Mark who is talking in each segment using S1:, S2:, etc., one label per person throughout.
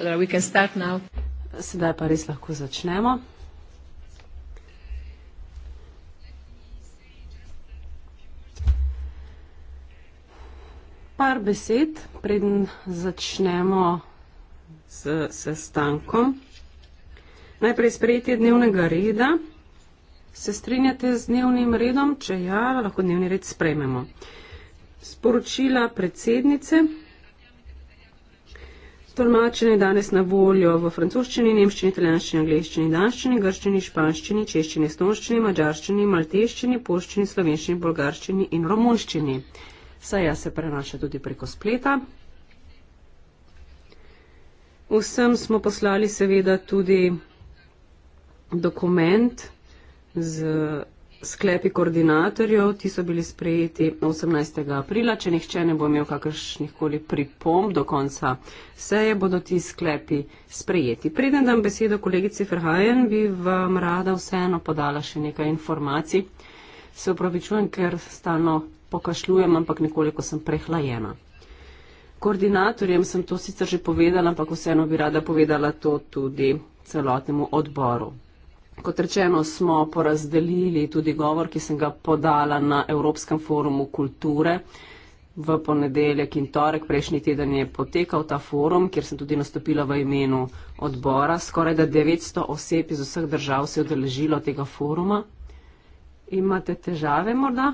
S1: we can start now. Sedaj pa res lahko začnemo. Par besed, preden začnemo s sestankom. Najprej sprejetje dnevnega reda. Se strinjate z dnevnim redom? Če ja, lahko dnevni red sprejmemo. Sporočila predsednice tolmačenje danes na voljo v francoščini, nemščini, italijanščini, angliščini, danščini, grščini, španščini, češčini, estonščini, mačarščini, malteščini, poščini, slovenščini, bolgarščini in romunščini. Seja se prenaša tudi preko spleta. Vsem smo poslali seveda tudi dokument z Sklepi koordinatorjev, ti so bili sprejeti 18. aprila. Če nihče ne bo imel kakršnih koli pripomb do konca seje, bodo ti sklepi sprejeti. Preden dam besedo kolegici Ferhajen, bi vam rada vseeno podala še nekaj informacij. Se upravičujem, ker stalno pokašljujem, ampak nekoliko sem prehlajena. Koordinatorjem sem to sicer že povedala, ampak vseeno bi rada povedala to tudi celotnemu odboru. Kot rečeno, smo porazdelili tudi govor, ki sem ga podala na Evropskem forumu kulture v ponedeljek in torek. Prejšnji teden je potekal ta forum, kjer sem tudi nastopila v imenu odbora. Skoraj da 900 oseb iz vseh držav se je odeležilo tega foruma. Imate težave morda?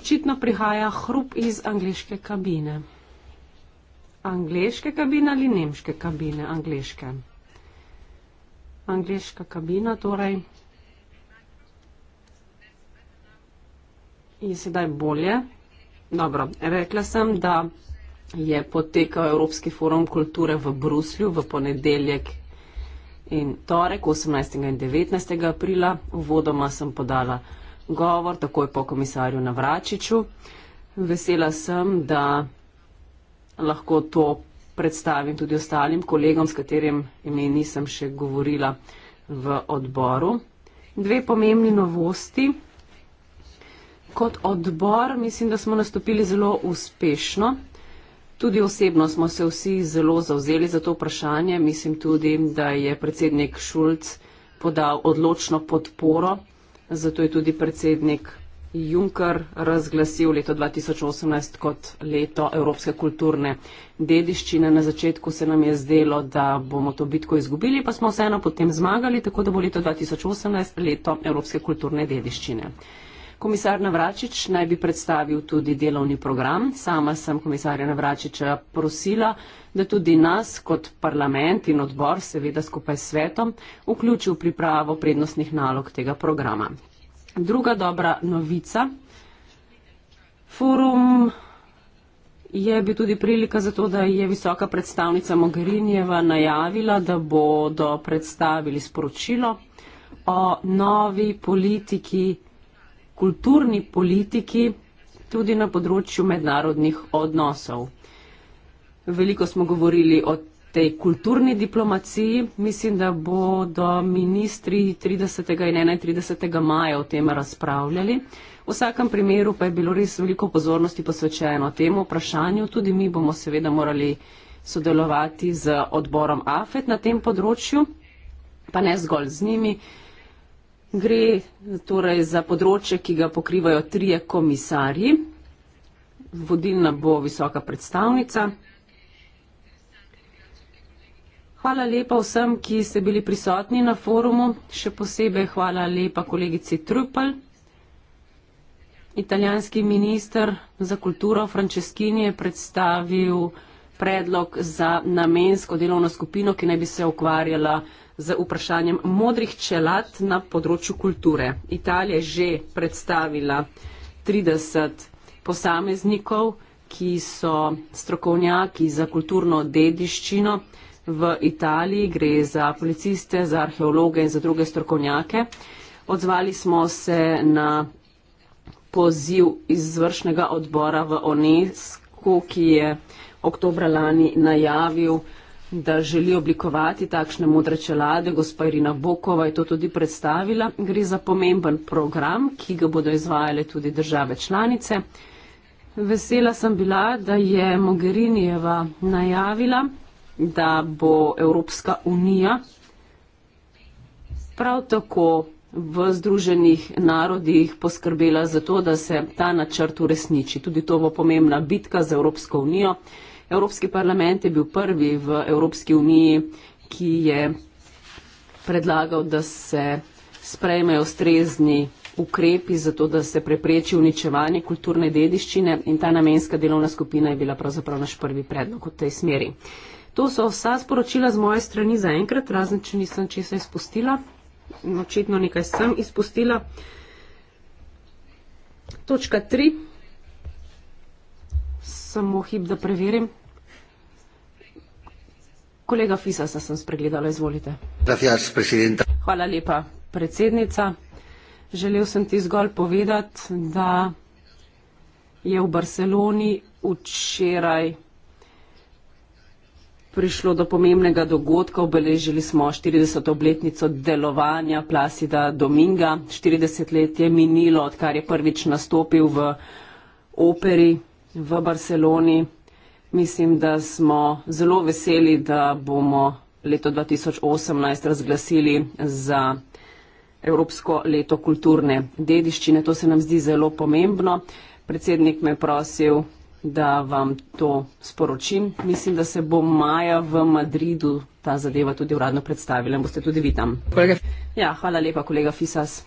S1: Očitno prihaja hrup iz angliške kabine. Angliške kabine ali nemške kabine? Angliške angliška kabina torej. In sedaj bolje. Dobro, rekla sem, da je potekal Evropski forum kulture v Bruslju v ponedeljek in torek 18. in 19. aprila. Uvodoma sem podala govor takoj po komisarju Navračiču. Vesela sem, da lahko to predstavim tudi ostalim kolegom, s katerim ime nisem še govorila v odboru. Dve pomembni novosti. Kot odbor mislim, da smo nastopili zelo uspešno. Tudi osebno smo se vsi zelo zauzeli za to vprašanje. Mislim tudi, da je predsednik Šulc podal odločno podporo, zato je tudi predsednik Juncker razglasil leto 2018 kot leto evropske kulturne dediščine. Na začetku se nam je zdelo, da bomo to bitko izgubili, pa smo vseeno potem zmagali, tako da bo leto 2018 leto evropske kulturne dediščine. Komisar Navračič naj bi predstavil tudi delovni program. Sama sem komisarja Navračiča prosila, da tudi nas kot parlament in odbor, seveda skupaj s svetom, vključil v pripravo prednostnih nalog tega programa. Druga dobra novica. Forum je bil tudi prilika za to, da je visoka predstavnica Mogherinjeva najavila, da bodo predstavili sporočilo o novi politiki, kulturni politiki, tudi na področju mednarodnih odnosov. Veliko smo govorili o tem, tej kulturni diplomaciji. Mislim, da bodo ministri 30. in 31. maja o tem razpravljali. V vsakem primeru pa je bilo res veliko pozornosti posvečeno temu vprašanju. Tudi mi bomo seveda morali sodelovati z odborom AFET na tem področju, pa ne zgolj z njimi. Gre torej za področje, ki ga pokrivajo trije komisarji. Vodilna bo visoka predstavnica hvala lepa vsem, ki ste bili prisotni na forumu, še posebej hvala lepa kolegici Trupel. Italijanski minister za kulturo Franceskini je predstavil predlog za namensko delovno skupino, ki naj bi se ukvarjala z vprašanjem modrih čelad na področju kulture. Italija je že predstavila 30 posameznikov, ki so strokovnjaki za kulturno dediščino v Italiji, gre za policiste, za arheologe in za druge strokovnjake. Odzvali smo se na poziv izvršnega odbora v UNESCO, ki je oktobra lani najavil, da želi oblikovati takšne modre čelade. Gospa Irina Bokova je to tudi predstavila. Gre za pomemben program, ki ga bodo izvajale tudi države članice. Vesela sem bila, da je Mogherinijeva najavila, da bo Evropska unija prav tako v Združenih narodih poskrbela za to, da se ta načrt uresniči. Tudi to bo pomembna bitka za Evropsko unijo. Evropski parlament je bil prvi v Evropski uniji, ki je predlagal, da se sprejmejo strezni ukrepi za to, da se prepreči uničevanje kulturne dediščine in ta namenska delovna skupina je bila pravzaprav naš prvi predlog v tej smeri. To so vsa sporočila z moje strani za enkrat, razen če nisem česa izpustila. Očitno nekaj sem izpustila. Točka tri. Samo hip, da preverim. Kolega Fisa, se sem spregledala, izvolite. Gracias, Hvala lepa, predsednica. Želel sem ti zgolj povedati, da je v Barceloni včeraj prišlo do pomembnega dogodka. Obeležili smo 40. obletnico delovanja Plasida Dominga. 40 let je minilo, odkar je prvič nastopil v operi v Barceloni. Mislim, da smo zelo veseli, da bomo leto 2018 razglasili za Evropsko leto kulturne dediščine. To se nam zdi zelo pomembno. Predsednik me je prosil, da vam to sporočim. Mislim, da se bo maja v Madridu ta zadeva tudi uradno predstavila in boste tudi vi tam. Ja, hvala lepa, kolega Fisas.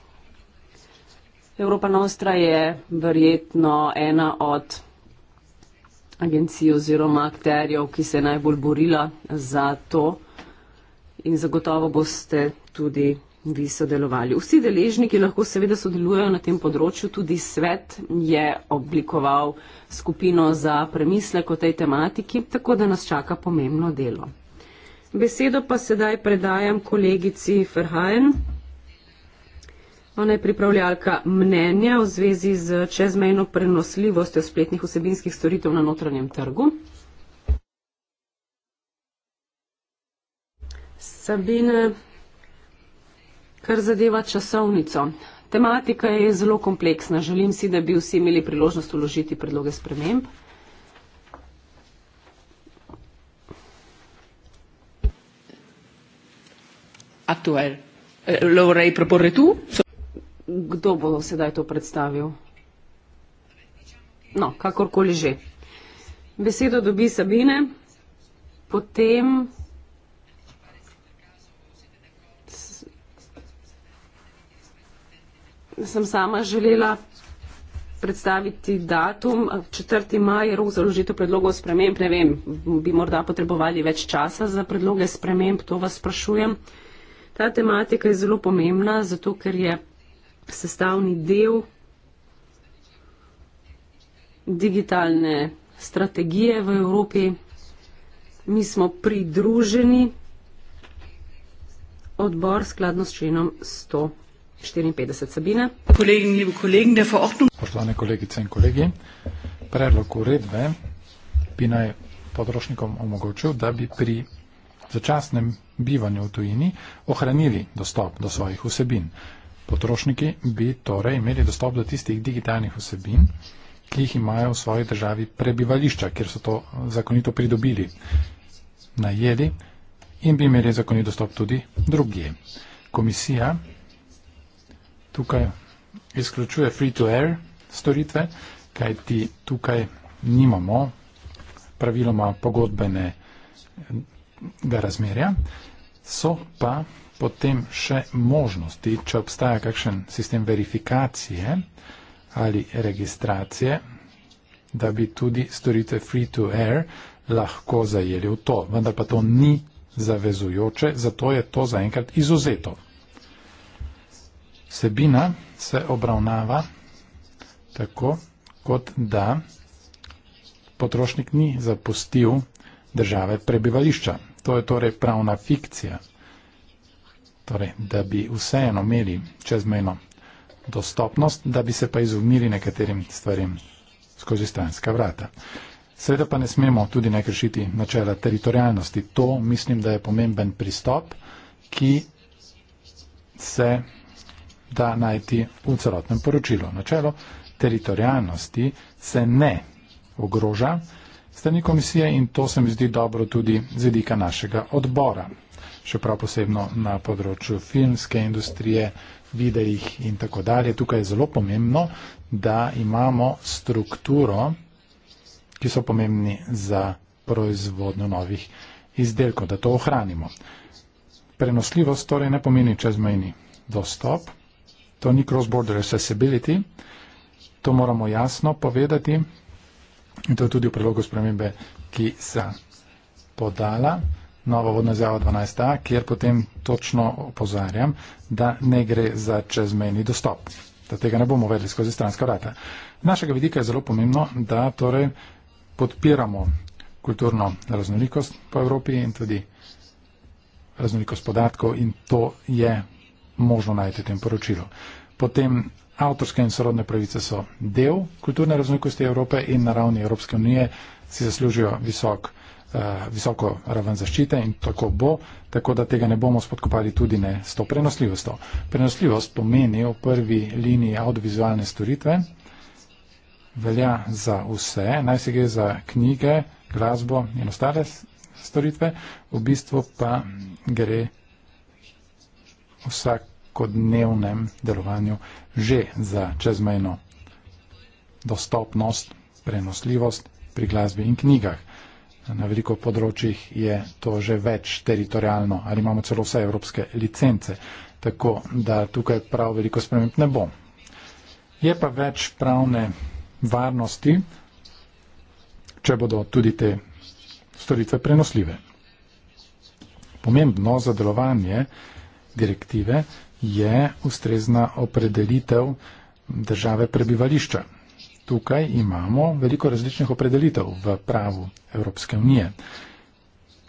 S1: Evropa Nostra je verjetno ena od agencij oziroma akterjev, ki se je najbolj borila za to in zagotovo boste tudi bi sodelovali. Vsi deležniki lahko seveda sodelujejo na tem področju, tudi svet je oblikoval skupino za premislek o tej tematiki, tako da nas čaka pomembno delo. Besedo pa sedaj predajam kolegici Ferhajen. Ona je pripravljalka mnenja v zvezi z čezmejno prenosljivostjo spletnih vsebinskih storitev na notranjem trgu. Sabine, Kar zadeva časovnico. Tematika je zelo kompleksna. Želim si, da bi vsi imeli priložnost uložiti predloge sprememb. Aktuel. Eh, Lovrej proporre tu? Kdo bo sedaj to predstavil? No, kakorkoli že. Besedo dobi Sabine, potem sem sama želela predstaviti datum 4. maj, rok za ložitev predlogov sprememb. Ne vem, bi morda potrebovali več časa za predloge sprememb, to vas sprašujem. Ta tematika je zelo pomembna, zato ker je sestavni del digitalne strategije v Evropi. Mi smo pridruženi odbor skladno s činom 100. 54 Sabine.
S2: Poštovane kolegice in kolegi, predlog uredbe bi naj potrošnikom omogočil, da bi pri začasnem bivanju v tujini ohranili dostop do svojih vsebin. Potrošniki bi torej imeli dostop do tistih digitalnih vsebin, ki jih imajo v svoji državi prebivališča, kjer so to zakonito pridobili, najeli in bi imeli zakonit dostop tudi drugi. Komisija tukaj izključuje free-to-air storitve, kajti tukaj nimamo praviloma pogodbenega eh, razmerja. So pa potem še možnosti, če obstaja kakšen sistem verifikacije ali registracije, da bi tudi storitve free-to-air lahko zajeli v to. Vendar pa to ni zavezujoče, zato je to zaenkrat izuzeto. Vsebina se obravnava tako, kot da potrošnik ni zapustil države prebivališča. To je torej pravna fikcija. Torej, da bi vseeno imeli čezmejno dostopnost, da bi se pa izumili nekaterim stvarem skozi stranska vrata. Seveda pa ne smemo tudi ne kršiti načela teritorijalnosti. To mislim, da je pomemben pristop, ki se da najti v celotnem poročilu. Načelo teritorijalnosti se ne ogroža strani komisije in to se mi zdi dobro tudi z vidika našega odbora. Še prav posebno na področju filmske industrije, videih in tako dalje. Tukaj je zelo pomembno, da imamo strukturo, ki so pomembni za proizvodnjo novih izdelkov, da to ohranimo. Prenosljivost torej ne pomeni čezmejni dostop, To ni cross-border accessibility, to moramo jasno povedati in to je tudi v prilogu spremembe, ki se podala Nova vodna izjava 12a, kjer potem točno opozarjam, da ne gre za čezmejni dostop, da tega ne bomo vedeli skozi stranska vrata. Z našega vidika je zelo pomembno, da torej podpiramo kulturno raznolikost po Evropi in tudi raznolikost podatkov in to je možno najti v tem poročilu. Potem avtorske in sorodne pravice so del kulturne raznolikosti Evrope in na ravni Evropske unije si zaslužijo visok, uh, visoko raven zaščite in tako bo, tako da tega ne bomo spodkopali tudi ne s to prenosljivostjo. Prenosljivost pomeni v prvi liniji audiovizualne storitve, velja za vse, naj se gre za knjige, glasbo in ostale storitve, v bistvu pa gre vsak kot dnevnem delovanju že za čezmejno dostopnost, prenosljivost pri glasbi in knjigah. Na veliko področjih je to že več teritorijalno ali imamo celo vse evropske licence, tako da tukaj prav veliko sprememb ne bo. Je pa več pravne varnosti, če bodo tudi te storitve prenosljive. Pomembno za delovanje direktive je ustrezna opredelitev države prebivališča. Tukaj imamo veliko različnih opredelitev v pravu Evropske unije.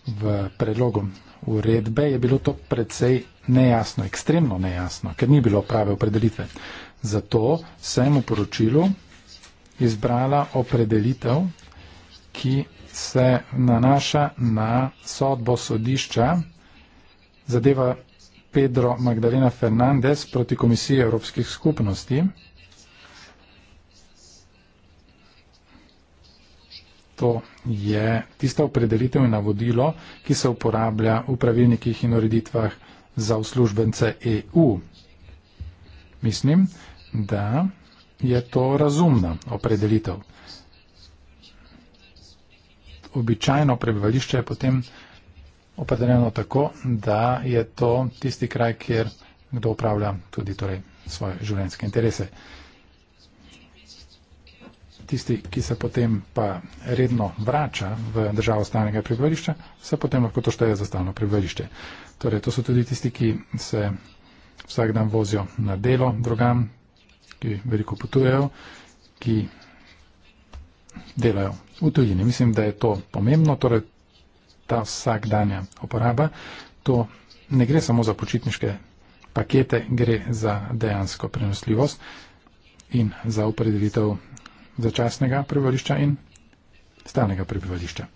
S2: V predlogu uredbe je bilo to predvsej nejasno, ekstremno nejasno, ker ni bilo prave opredelitve. Zato sem v poročilu izbrala opredelitev, ki se nanaša na sodbo sodišča, zadeva Pedro Magdalena Fernandez proti Komisiji Evropskih skupnosti. To je tista opredelitev in navodilo, ki se uporablja v pravilnikih in ureditvah za uslužbence EU. Mislim, da je to razumna opredelitev. Običajno prebivališče je potem opredeljeno tako, da je to tisti kraj, kjer kdo upravlja tudi torej, svoje življenjske interese. Tisti, ki se potem pa redno vrača v državo stalnega prebivališča, se potem lahko to šteje za stalno prebivališče. Torej, to so tudi tisti, ki se vsak dan vozijo na delo drugam, ki veliko potujejo, ki delajo v tujini. Mislim, da je to pomembno, torej ta vsakdanja uporaba. To ne gre samo za počitniške pakete, gre za dejansko prenosljivost in za upredelitev začasnega prebivališča in stalnega prebivališča.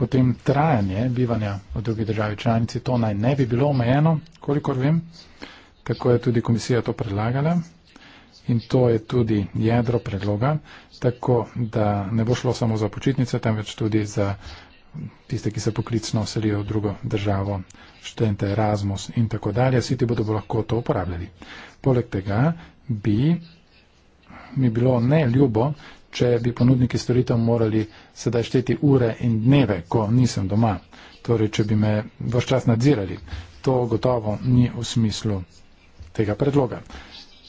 S2: Potem trajanje bivanja v drugi državi članici, to naj ne bi bilo omejeno, kolikor vem, tako je tudi komisija to predlagala. In to je tudi jedro predloga, tako da ne bo šlo samo za počitnice, temveč tudi za tiste, ki se poklicno selijo v drugo državo, študente Erasmus in tako dalje. Vsi ti bodo lahko to uporabljali. Poleg tega bi mi bilo ne ljubo, če bi ponudniki storitev morali sedaj šteti ure in dneve, ko nisem doma. Torej, če bi me vse čas nadzirali. To gotovo ni v smislu tega predloga.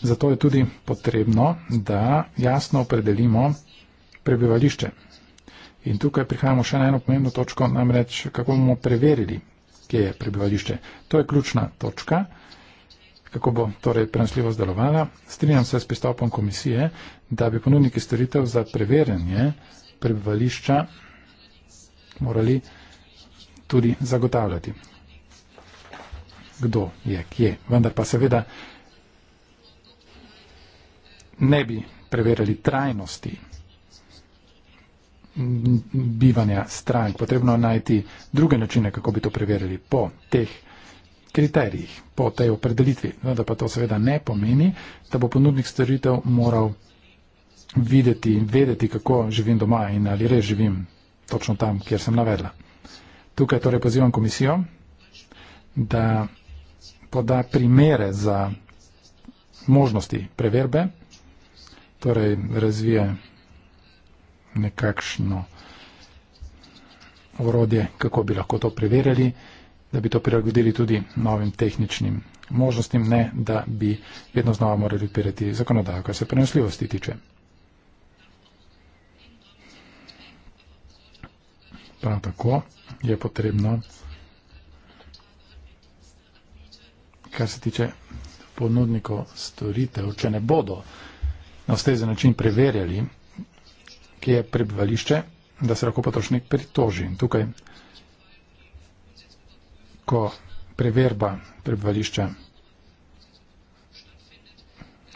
S2: Zato je tudi potrebno, da jasno opredelimo prebivališče. In tukaj prihajamo še na eno pomembno točko, namreč kako bomo preverili, kje je prebivališče. To je ključna točka, kako bo torej prenosljivo zdelovala. Strinjam se s pristopom komisije, da bi ponudniki storitev za preverjanje prebivališča morali tudi zagotavljati, kdo je kje. Vendar pa seveda ne bi preverjali trajnosti bivanja strank. Potrebno je najti druge načine, kako bi to preverjali po teh kriterijih, po tej opredelitvi. No, da pa to seveda ne pomeni, da bo ponudnik storitev moral videti in vedeti, kako živim doma in ali res živim točno tam, kjer sem navedla. Tukaj torej pozivam komisijo, da poda primere za možnosti preverbe torej razvije nekakšno orodje, kako bi lahko to preverjali, da bi to prilagodili tudi novim tehničnim možnostim, ne da bi vedno znova morali odpirati zakonodajo, kar se prenosljivosti tiče. Prav tako je potrebno, kar se tiče ponudnikov storitev, če ne bodo na ustrezen način preverjali, kje je prebivališče, da se lahko potrošnik pritoži. In tukaj, ko preverba prebivališča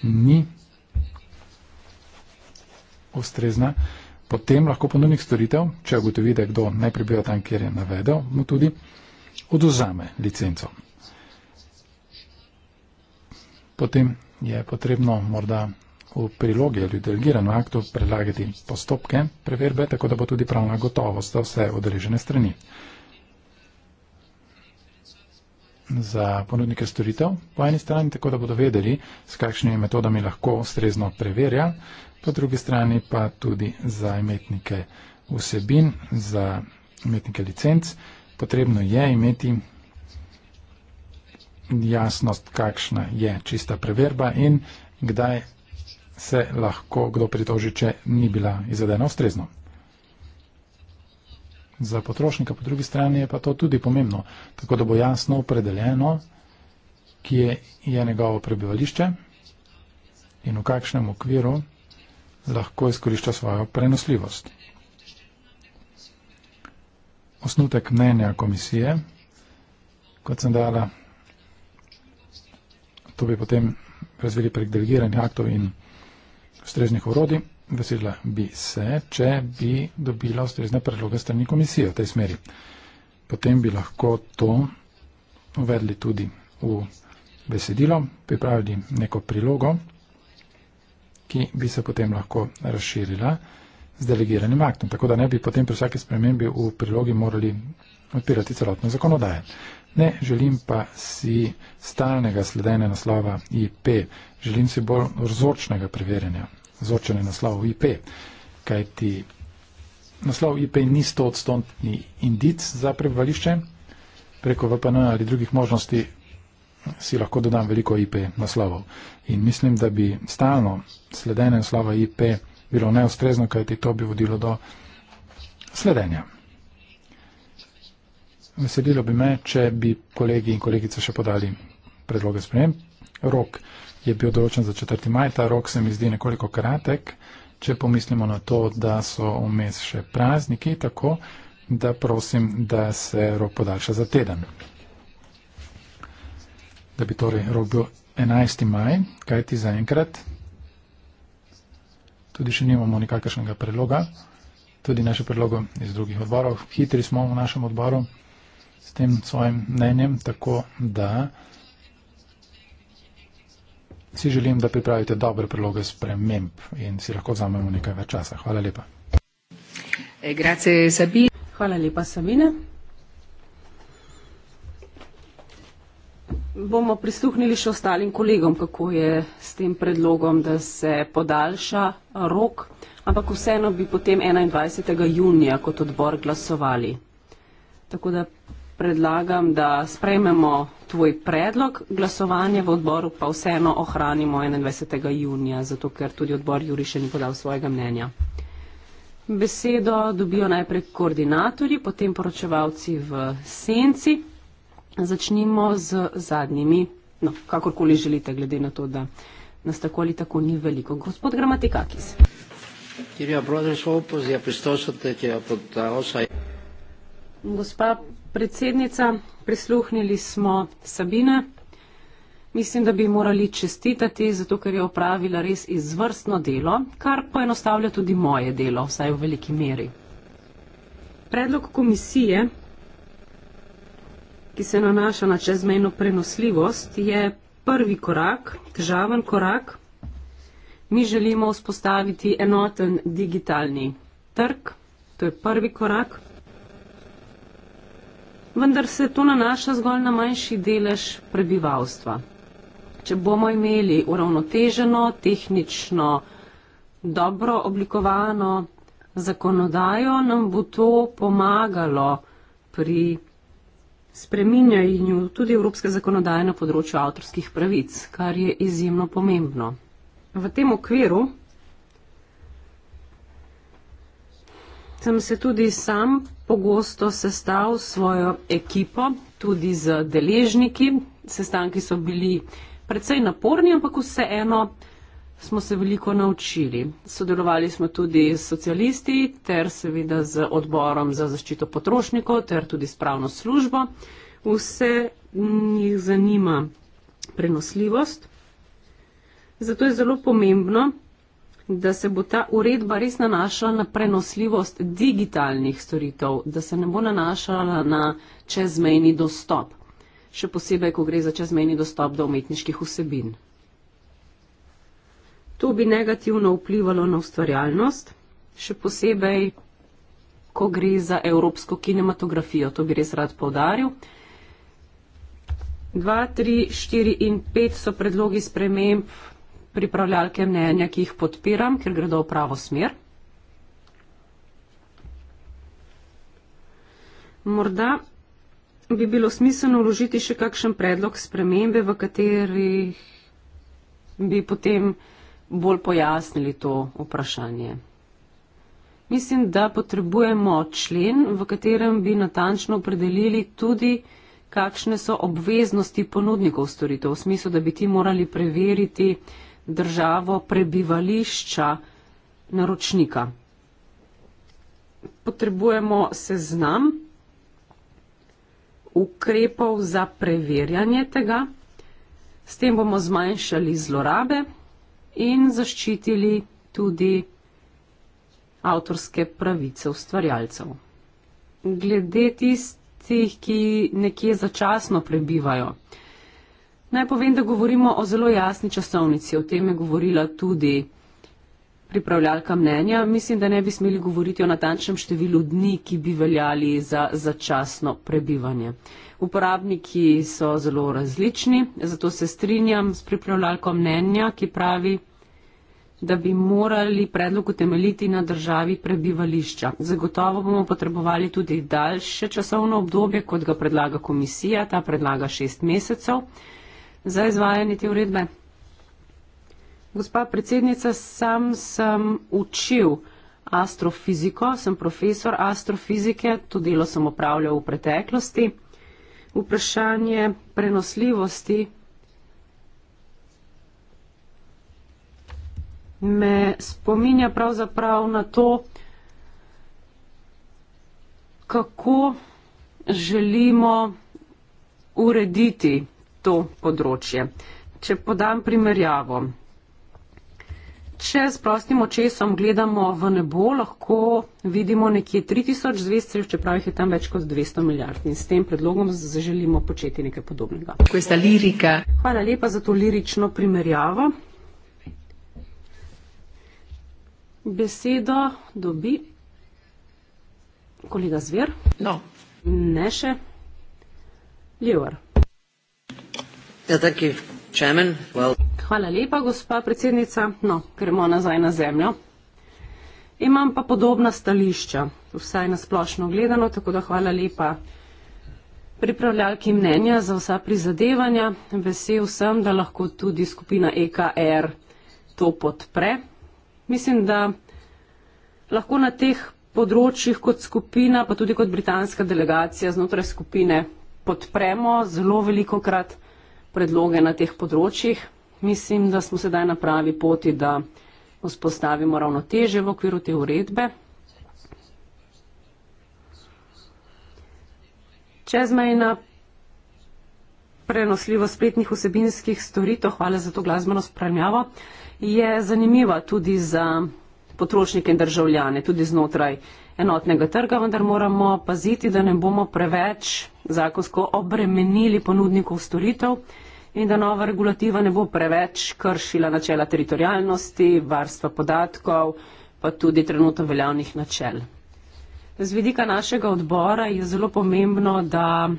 S2: ni ustrezna, potem lahko ponudnik storitev, če ugotovi, da je kdo ne prebiva tam, kjer je navedel, mu tudi oduzame licenco. Potem je potrebno morda v prilogi ali v delegiranem aktu predlagati postopke preverbe, tako da bo tudi pravna gotovost za vse odrežene strani. Za ponudnike storitev po eni strani, tako da bodo vedeli, s kakšnimi metodami lahko ustrezno preverja, po drugi strani pa tudi za imetnike vsebin, za imetnike licenc. Potrebno je imeti jasnost, kakšna je čista preverba in kdaj se lahko kdo pritoži, če ni bila izvedena ustrezno. Za potrošnika po drugi strani je pa to tudi pomembno, tako da bo jasno opredeljeno, kje je njegovo prebivališče in v kakšnem okviru lahko izkorišča svojo prenosljivost. Osnutek mnenja komisije, kot sem dala, to bi potem razvili prek delegiranih aktov in ustreznih urodi. Vesela bi se, če bi dobila ustrezne predloge strani komisije v tej smeri. Potem bi lahko to uvedli tudi v besedilo, pripravili neko prilogo, ki bi se potem lahko razširila z delegiranim aktom. Tako da ne bi potem pri vsaki spremembi v prilogi morali odpirati celotno zakonodaje. Ne želim pa si stalnega sledenja naslova IP, želim si bolj vzročnega preverjanja, vzročene naslov IP, kaj ti naslov IP ni 100 odstotni indic za prebivališče, preko VPN ali drugih možnosti si lahko dodam veliko IP naslovov. In mislim, da bi stalno sledenje naslova IP bilo neustrezno, kaj ti to bi vodilo do sledenja veselilo bi me, če bi kolegi in kolegice še podali predloge sprejem. Rok je bil določen za 4. maj, ta rok se mi zdi nekoliko kratek, če pomislimo na to, da so vmes še prazniki, tako da prosim, da se rok podaljša za teden. Da bi torej rok bil 11. maj, kaj ti zaenkrat? Tudi še nimamo nikakršnega predloga, tudi naše predloge iz drugih odborov. Hitri smo v našem odboru s tem svojim mnenjem, tako da si želim, da pripravite dobre priloge sprememb in si lahko vzamemo nekaj več časa. Hvala lepa.
S3: Eh, grazie, Hvala
S1: lepa, Sabina. Bomo prisluhnili še ostalim kolegom, kako je s tem predlogom, da se podaljša eh, rok, ampak vseeno bi potem 21. junija kot odbor glasovali. Tako da predlagam, da sprejmemo tvoj predlog. Glasovanje v odboru pa vseeno ohranimo 21. junija, zato ker tudi odbor Juri še ni podal svojega mnenja. Besedo dobijo najprej koordinatorji, potem poročevalci v senci. Začnimo z zadnjimi, no, kakorkoli želite, glede na to, da nas tako ali tako ni veliko. Gospod Gramatikakis. Gospa predsednica, prisluhnili smo Sabine. Mislim, da bi morali čestitati, zato ker je opravila res izvrstno delo, kar poenostavlja tudi moje delo, vsaj v veliki meri. Predlog komisije, ki se nanaša na čezmejno prenosljivost, je prvi korak, težaven korak. Mi želimo vzpostaviti enoten digitalni trg, to je prvi korak vendar se to nanaša zgolj na manjši delež prebivalstva. Če bomo imeli uravnoteženo, tehnično, dobro oblikovano zakonodajo, nam bo to pomagalo pri spreminjanju tudi evropske zakonodaje na področju avtorskih pravic, kar je izjemno pomembno. V tem okviru sem se tudi sam pogosto sestal s svojo ekipo, tudi z deležniki. Sestanki so bili precej naporni, ampak vseeno smo se veliko naučili. Sodelovali smo tudi s socialisti ter seveda z odborom za zaščito potrošnikov ter tudi s pravno službo. Vse jih zanima prenosljivost. Zato je zelo pomembno, da se bo ta uredba res nanašala na prenosljivost digitalnih storitev, da se ne bo nanašala na čezmejni dostop, še posebej, ko gre za čezmejni dostop do umetniških vsebin. To bi negativno vplivalo na ustvarjalnost, še posebej, ko gre za evropsko kinematografijo. To bi res rad povdaril. 2, 3, 4 in 5 so predlogi sprememb pripravljalke mnenja, ki jih podpiram, ker gredo v pravo smer. Morda bi bilo smiselno vložiti še kakšen predlog spremembe, v katerih bi potem bolj pojasnili to vprašanje. Mislim, da potrebujemo člen, v katerem bi natančno opredelili tudi, kakšne so obveznosti ponudnikov storitev, v smislu, da bi ti morali preveriti, državo prebivališča naročnika. Potrebujemo seznam ukrepov za preverjanje tega. S tem bomo zmanjšali zlorabe in zaščitili tudi avtorske pravice ustvarjalcev. Glede tistih, ki nekje začasno prebivajo. Naj povem, da govorimo o zelo jasni časovnici. O tem je govorila tudi pripravljalka mnenja. Mislim, da ne bi smeli govoriti o natančnem številu dni, ki bi veljali za začasno prebivanje. Uporabniki so zelo različni, zato se strinjam s pripravljalko mnenja, ki pravi, da bi morali predlog utemeliti na državi prebivališča. Zagotovo bomo potrebovali tudi daljše časovno obdobje, kot ga predlaga komisija, ta predlaga šest mesecev za izvajanje te uredbe. Gospa predsednica, sam sem učil astrofiziko, sem profesor astrofizike, to delo sem opravljal v preteklosti. Vprašanje prenosljivosti me spominja pravzaprav na to, kako želimo urediti to področje. Če podam primerjavo. Če s prostim očesom gledamo v nebo, lahko vidimo nekje 3000 zvezdcev, čeprav jih je tam več kot 200 milijard. In s tem predlogom želimo početi nekaj podobnega. Hvala lepa za to lirično primerjavo. Besedo dobi kolega Zver. No. Ne še. Ljubar. Ja, Chairman, well. Hvala lepa, gospa predsednica. No, gremo nazaj na zemljo. Imam pa podobna stališča, vsaj na splošno gledano, tako da hvala lepa pripravljalki mnenja za vsa prizadevanja. Vesel sem, da lahko tudi skupina EKR to podpre. Mislim, da lahko na teh področjih kot skupina, pa tudi kot britanska delegacija znotraj skupine podpremo zelo veliko krat predloge na teh področjih. Mislim, da smo sedaj na pravi poti, da vzpostavimo ravnoteže v okviru te uredbe. Čezmejna prenosljivost spletnih vsebinskih storitev, hvala za to glasbeno spremljavo, je zanimiva tudi za potrošnike in državljane, tudi znotraj enotnega trga, vendar moramo paziti, da ne bomo preveč zakonsko obremenili ponudnikov storitev in da nova regulativa ne bo preveč kršila načela teritorijalnosti, varstva podatkov, pa tudi trenutno veljavnih načel. Z vidika našega odbora je zelo pomembno, da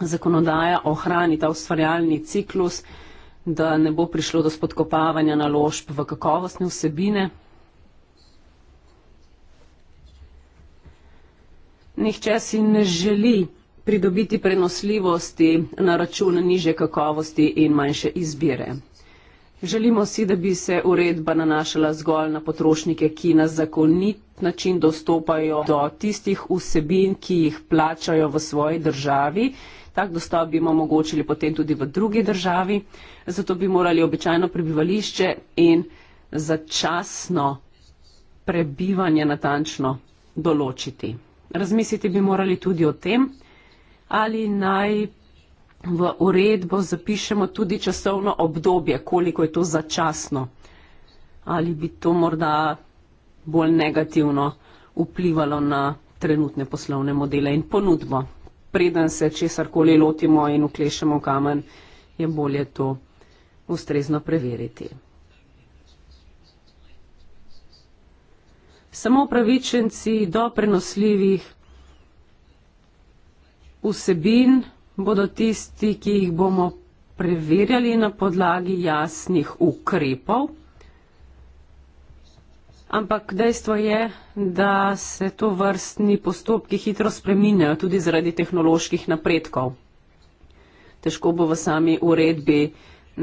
S1: zakonodaja ohrani ta ustvarjalni ciklus, da ne bo prišlo do spodkopavanja naložb v kakovostne vsebine. Nihče si ne želi pridobiti prenosljivosti na račun niže kakovosti in manjše izbire. Želimo si, da bi se uredba nanašala zgolj na potrošnike, ki na zakonit način dostopajo do tistih vsebin, ki jih plačajo v svoji državi. Tak dostop bi omogočili potem tudi v drugi državi, zato bi morali običajno prebivališče in začasno prebivanje natančno določiti. Razmisliti bi morali tudi o tem, ali naj v uredbo zapišemo tudi časovno obdobje, koliko je to začasno, ali bi to morda bolj negativno vplivalo na trenutne poslovne modele in ponudbo. Preden se česar koli lotimo in uklešemo kamen, je bolje to ustrezno preveriti. Samo upravičenci do prenosljivih vsebin bodo tisti, ki jih bomo preverjali na podlagi jasnih ukrepov. Ampak dejstvo je, da se to vrstni postopki hitro spreminjajo tudi zaradi tehnoloških napredkov. Težko bo v sami uredbi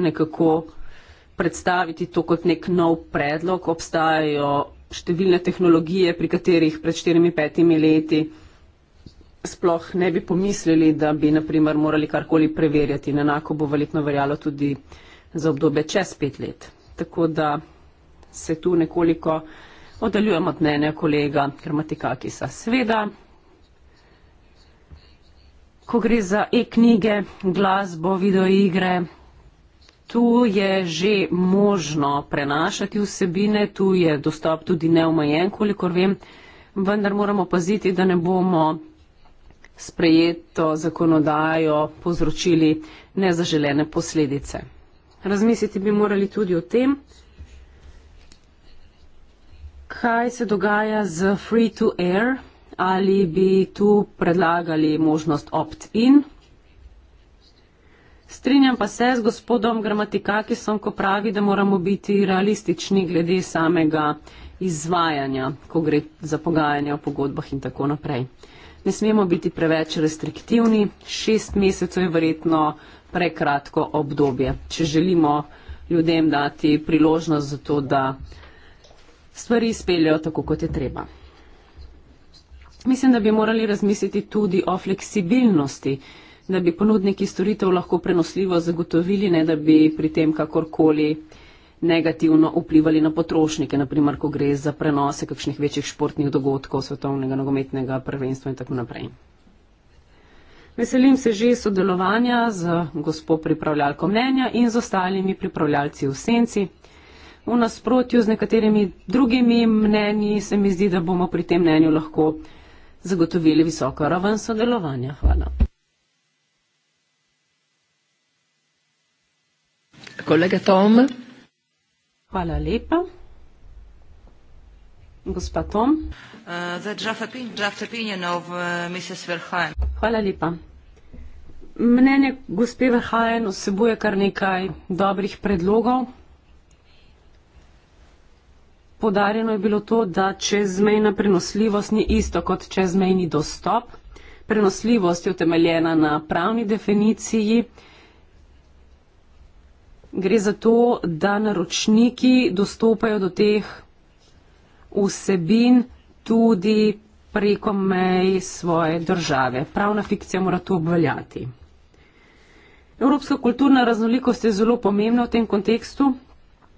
S1: nekako predstaviti to kot nek nov predlog. Obstajajo številne tehnologije, pri katerih pred 4-5 leti sploh ne bi pomislili, da bi naprimer morali karkoli preverjati. Enako bo valjetno verjalo tudi za obdobje čez pet let. Tako da se tu nekoliko oddaljujemo od mnenja kolega Hermatikakisa. Sveda, ko gre za e-knjige, glasbo, videoigre, tu je že možno prenašati vsebine, tu je dostop tudi neomajen, kolikor vem, vendar moramo paziti, da ne bomo sprejeto zakonodajo povzročili nezaželene posledice. Razmisliti bi morali tudi o tem, kaj se dogaja z free to air, ali bi tu predlagali možnost opt-in. Strinjam pa se z gospodom Gramatikakisom, ko pravi, da moramo biti realistični glede samega izvajanja, ko gre za pogajanja o pogodbah in tako naprej ne smemo biti preveč restriktivni. Šest mesecev je verjetno prekratko obdobje, če želimo ljudem dati priložnost za to, da stvari izpeljajo tako, kot je treba. Mislim, da bi morali razmisliti tudi o fleksibilnosti, da bi ponudniki storitev lahko prenosljivo zagotovili, ne da bi pri tem kakorkoli negativno vplivali na potrošnike, naprimer, ko gre za prenose kakšnih večjih športnih dogodkov, svetovnega nogometnega prvenstva in tako naprej. Veselim se že sodelovanja z gospo pripravljalko mnenja in z ostalimi pripravljalci v senci. V nasprotju z nekaterimi drugimi mnenji se mi zdi, da bomo pri tem mnenju lahko zagotovili visoko raven sodelovanja. Hvala.
S3: Kolega Tom.
S1: Hvala lepa. Gospa Tom.
S3: Uh, uh, Hvala lepa.
S1: Mnenje gospe Verhajen vsebuje kar nekaj dobrih predlogov. Podarjeno je bilo to, da čezmejna prenosljivost ni isto kot čezmejni dostop. Prenosljivost je utemeljena na pravni definiciji gre za to, da naročniki dostopajo do teh vsebin tudi preko mej svoje države. Pravna fikcija mora to obveljati. Evropska kulturna raznolikost je zelo pomembna v tem kontekstu,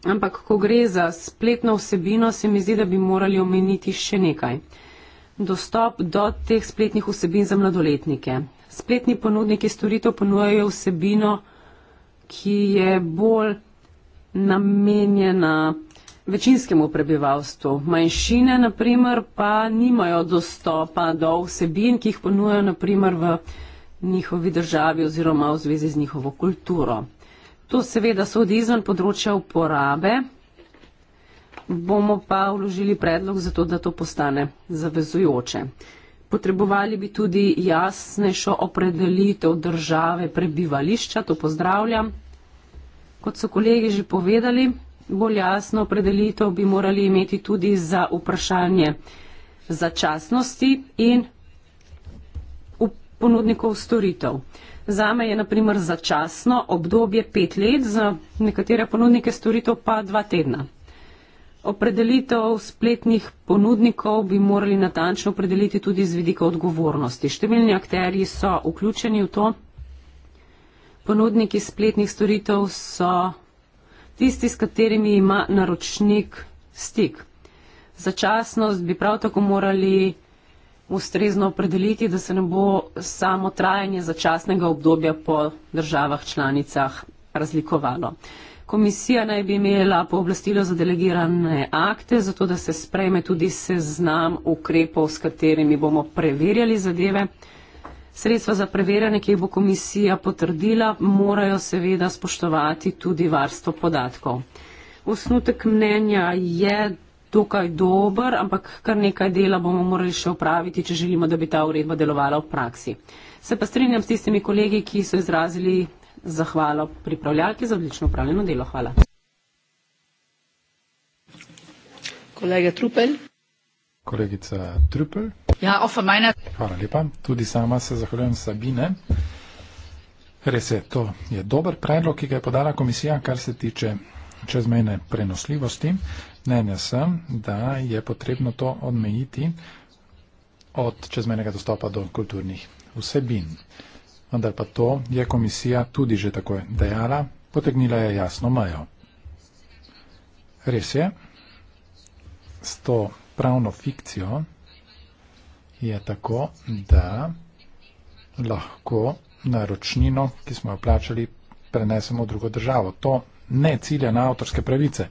S1: ampak ko gre za spletno vsebino, se mi zdi, da bi morali omeniti še nekaj. Dostop do teh spletnih vsebin za mladoletnike. Spletni ponudniki storitev ponujajo vsebino, ki je bolj namenjena večinskemu prebivalstvu. Manjšine, naprimer, pa nimajo dostopa do vsebin, ki jih ponujajo, naprimer, v njihovi državi oziroma v zvezi z njihovo kulturo. To seveda sodi izven področja uporabe. Bomo pa vložili predlog za to, da to postane zavezujoče. Potrebovali bi tudi jasnejšo opredelitev države prebivališča, to pozdravljam. Kot so kolegi že povedali, bolj jasno opredelitev bi morali imeti tudi za vprašanje začasnosti in ponudnikov storitev. Zame je naprimer začasno obdobje pet let, za nekatere ponudnike storitev pa dva tedna. Opredelitev spletnih ponudnikov bi morali natančno opredeliti tudi z vidika odgovornosti. Številni akteri so vključeni v to. Ponudniki spletnih storitev so tisti, s katerimi ima naročnik stik. Začasnost bi prav tako morali ustrezno opredeliti, da se ne bo samo trajanje začasnega obdobja po državah članicah razlikovalo. Komisija naj bi imela pooblastilo za delegirane akte, zato da se sprejme tudi seznam ukrepov, s katerimi bomo preverjali zadeve. Sredstva za preverjanje, ki jih bo komisija potrdila, morajo seveda spoštovati tudi varstvo podatkov. Osnutek mnenja je dokaj dober, ampak kar nekaj dela bomo morali še upraviti, če želimo, da bi ta uredba delovala v praksi. Se pa strinjam s tistimi kolegi, ki so izrazili zahvalo pripravljalki za odlično upravljeno delo. Hvala.
S3: Kolega Trupel.
S2: Kolegica Trupel.
S3: Ja, ofa majna.
S2: Hvala lepa. Tudi sama se zahvaljujem Sabine. Res je, to je dober predlog, ki ga je podala komisija, kar se tiče čezmejne prenosljivosti. Mnenja sem, da je potrebno to odmejiti od čezmejnega dostopa do kulturnih vsebin vendar pa to je komisija tudi že tako dejala, potegnila je jasno majo. Res je, s to pravno fikcijo je tako, da lahko naročnino, ki smo jo plačali, prenesemo v drugo državo. To ne cilja na avtorske pravice.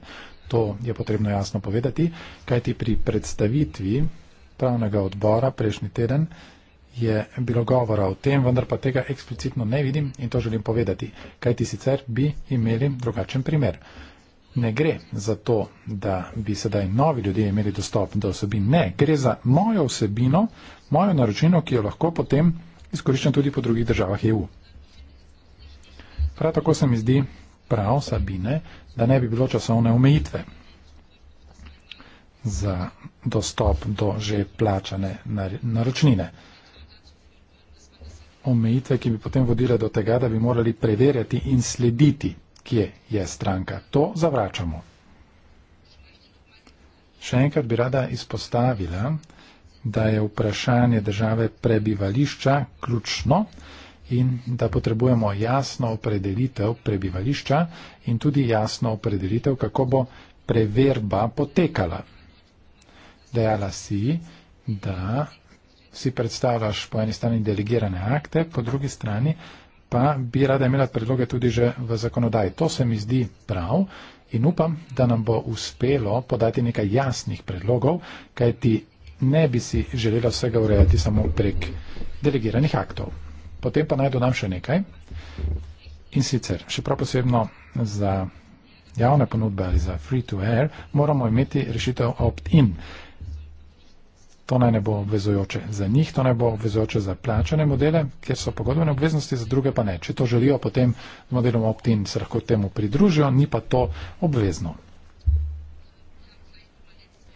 S2: To je potrebno jasno povedati, kajti pri predstavitvi pravnega odbora prejšnji teden je bilo govora o tem, vendar pa tega eksplicitno ne vidim in to želim povedati, kaj ti sicer bi imeli drugačen primer. Ne gre za to, da bi sedaj novi ljudje imeli dostop do osebin. Ne, gre za mojo osebino, mojo naročino, ki jo lahko potem izkoriščam tudi po drugih državah EU. Prav tako se mi zdi prav, Sabine, da ne bi bilo časovne omejitve za dostop do že plačane naročnine omejitve, ki bi potem vodile do tega, da bi morali preverjati in slediti, kje je stranka. To zavračamo. Še enkrat bi rada izpostavila, da je vprašanje države prebivališča ključno in da potrebujemo jasno opredelitev prebivališča in tudi jasno opredelitev, kako bo preverba potekala. Dejala si, da si predstavljaš po eni strani delegirane akte, po drugi strani pa bi rada imela predloge tudi že v zakonodaji. To se mi zdi prav in upam, da nam bo uspelo podati nekaj jasnih predlogov, kaj ti ne bi si želela vsega urejati samo prek delegiranih aktov. Potem pa naj dodam še nekaj in sicer še prav posebno za javne ponudbe ali za free to air moramo imeti rešitev opt-in. To naj ne bo obvezujoče za njih, to naj bo obvezujoče za plačane modele, kjer so pogodbene obveznosti, za druge pa ne. Če to želijo, potem z modelom opt-in se lahko temu pridružijo, ni pa to obvezno.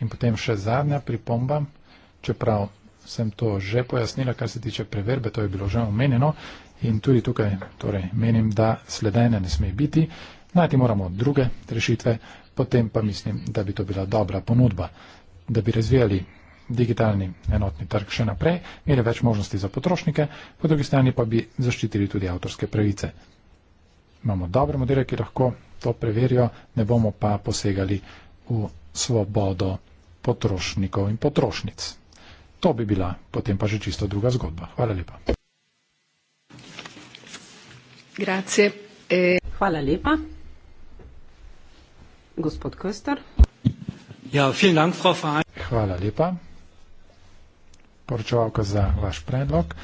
S2: In potem še zadnja pripomba, čeprav sem to že pojasnila, kar se tiče preverbe, to je bilo že omenjeno in tudi tukaj torej, menim, da sledenja ne sme biti. Najti moramo druge rešitve, potem pa mislim, da bi to bila dobra ponudba, da bi razvijali digitalni enotni trg še naprej, imeli več možnosti za potrošnike, po drugi strani pa bi zaščitili tudi avtorske pravice. Imamo dobre modele, ki lahko to preverijo, ne bomo pa posegali v svobodo potrošnikov in potrošnic. To bi bila potem pa že čisto druga zgodba. Hvala lepa.
S1: Grazie. Eh. Hvala lepa. Gospod Köster.
S2: Ja, vielen Dank, Frau Verheyen. Hvala lepa poročevalko za vaš predlog.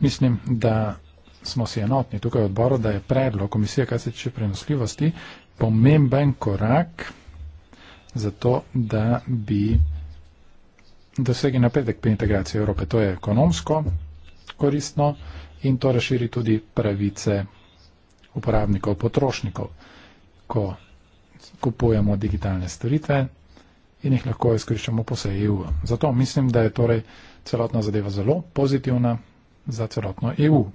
S2: Mislim, da smo si enotni tukaj odboru, da je predlog komisije, kar se tiče prenosljivosti, pomemben korak za to, da bi dosegli napredek pri integraciji Evrope. To je ekonomsko koristno in to razširi tudi pravice uporabnikov, potrošnikov, ko kupujemo digitalne storitve in jih lahko izkoriščamo po vsej EU. Zato mislim, da je torej celotna zadeva zelo pozitivna za celotno EU.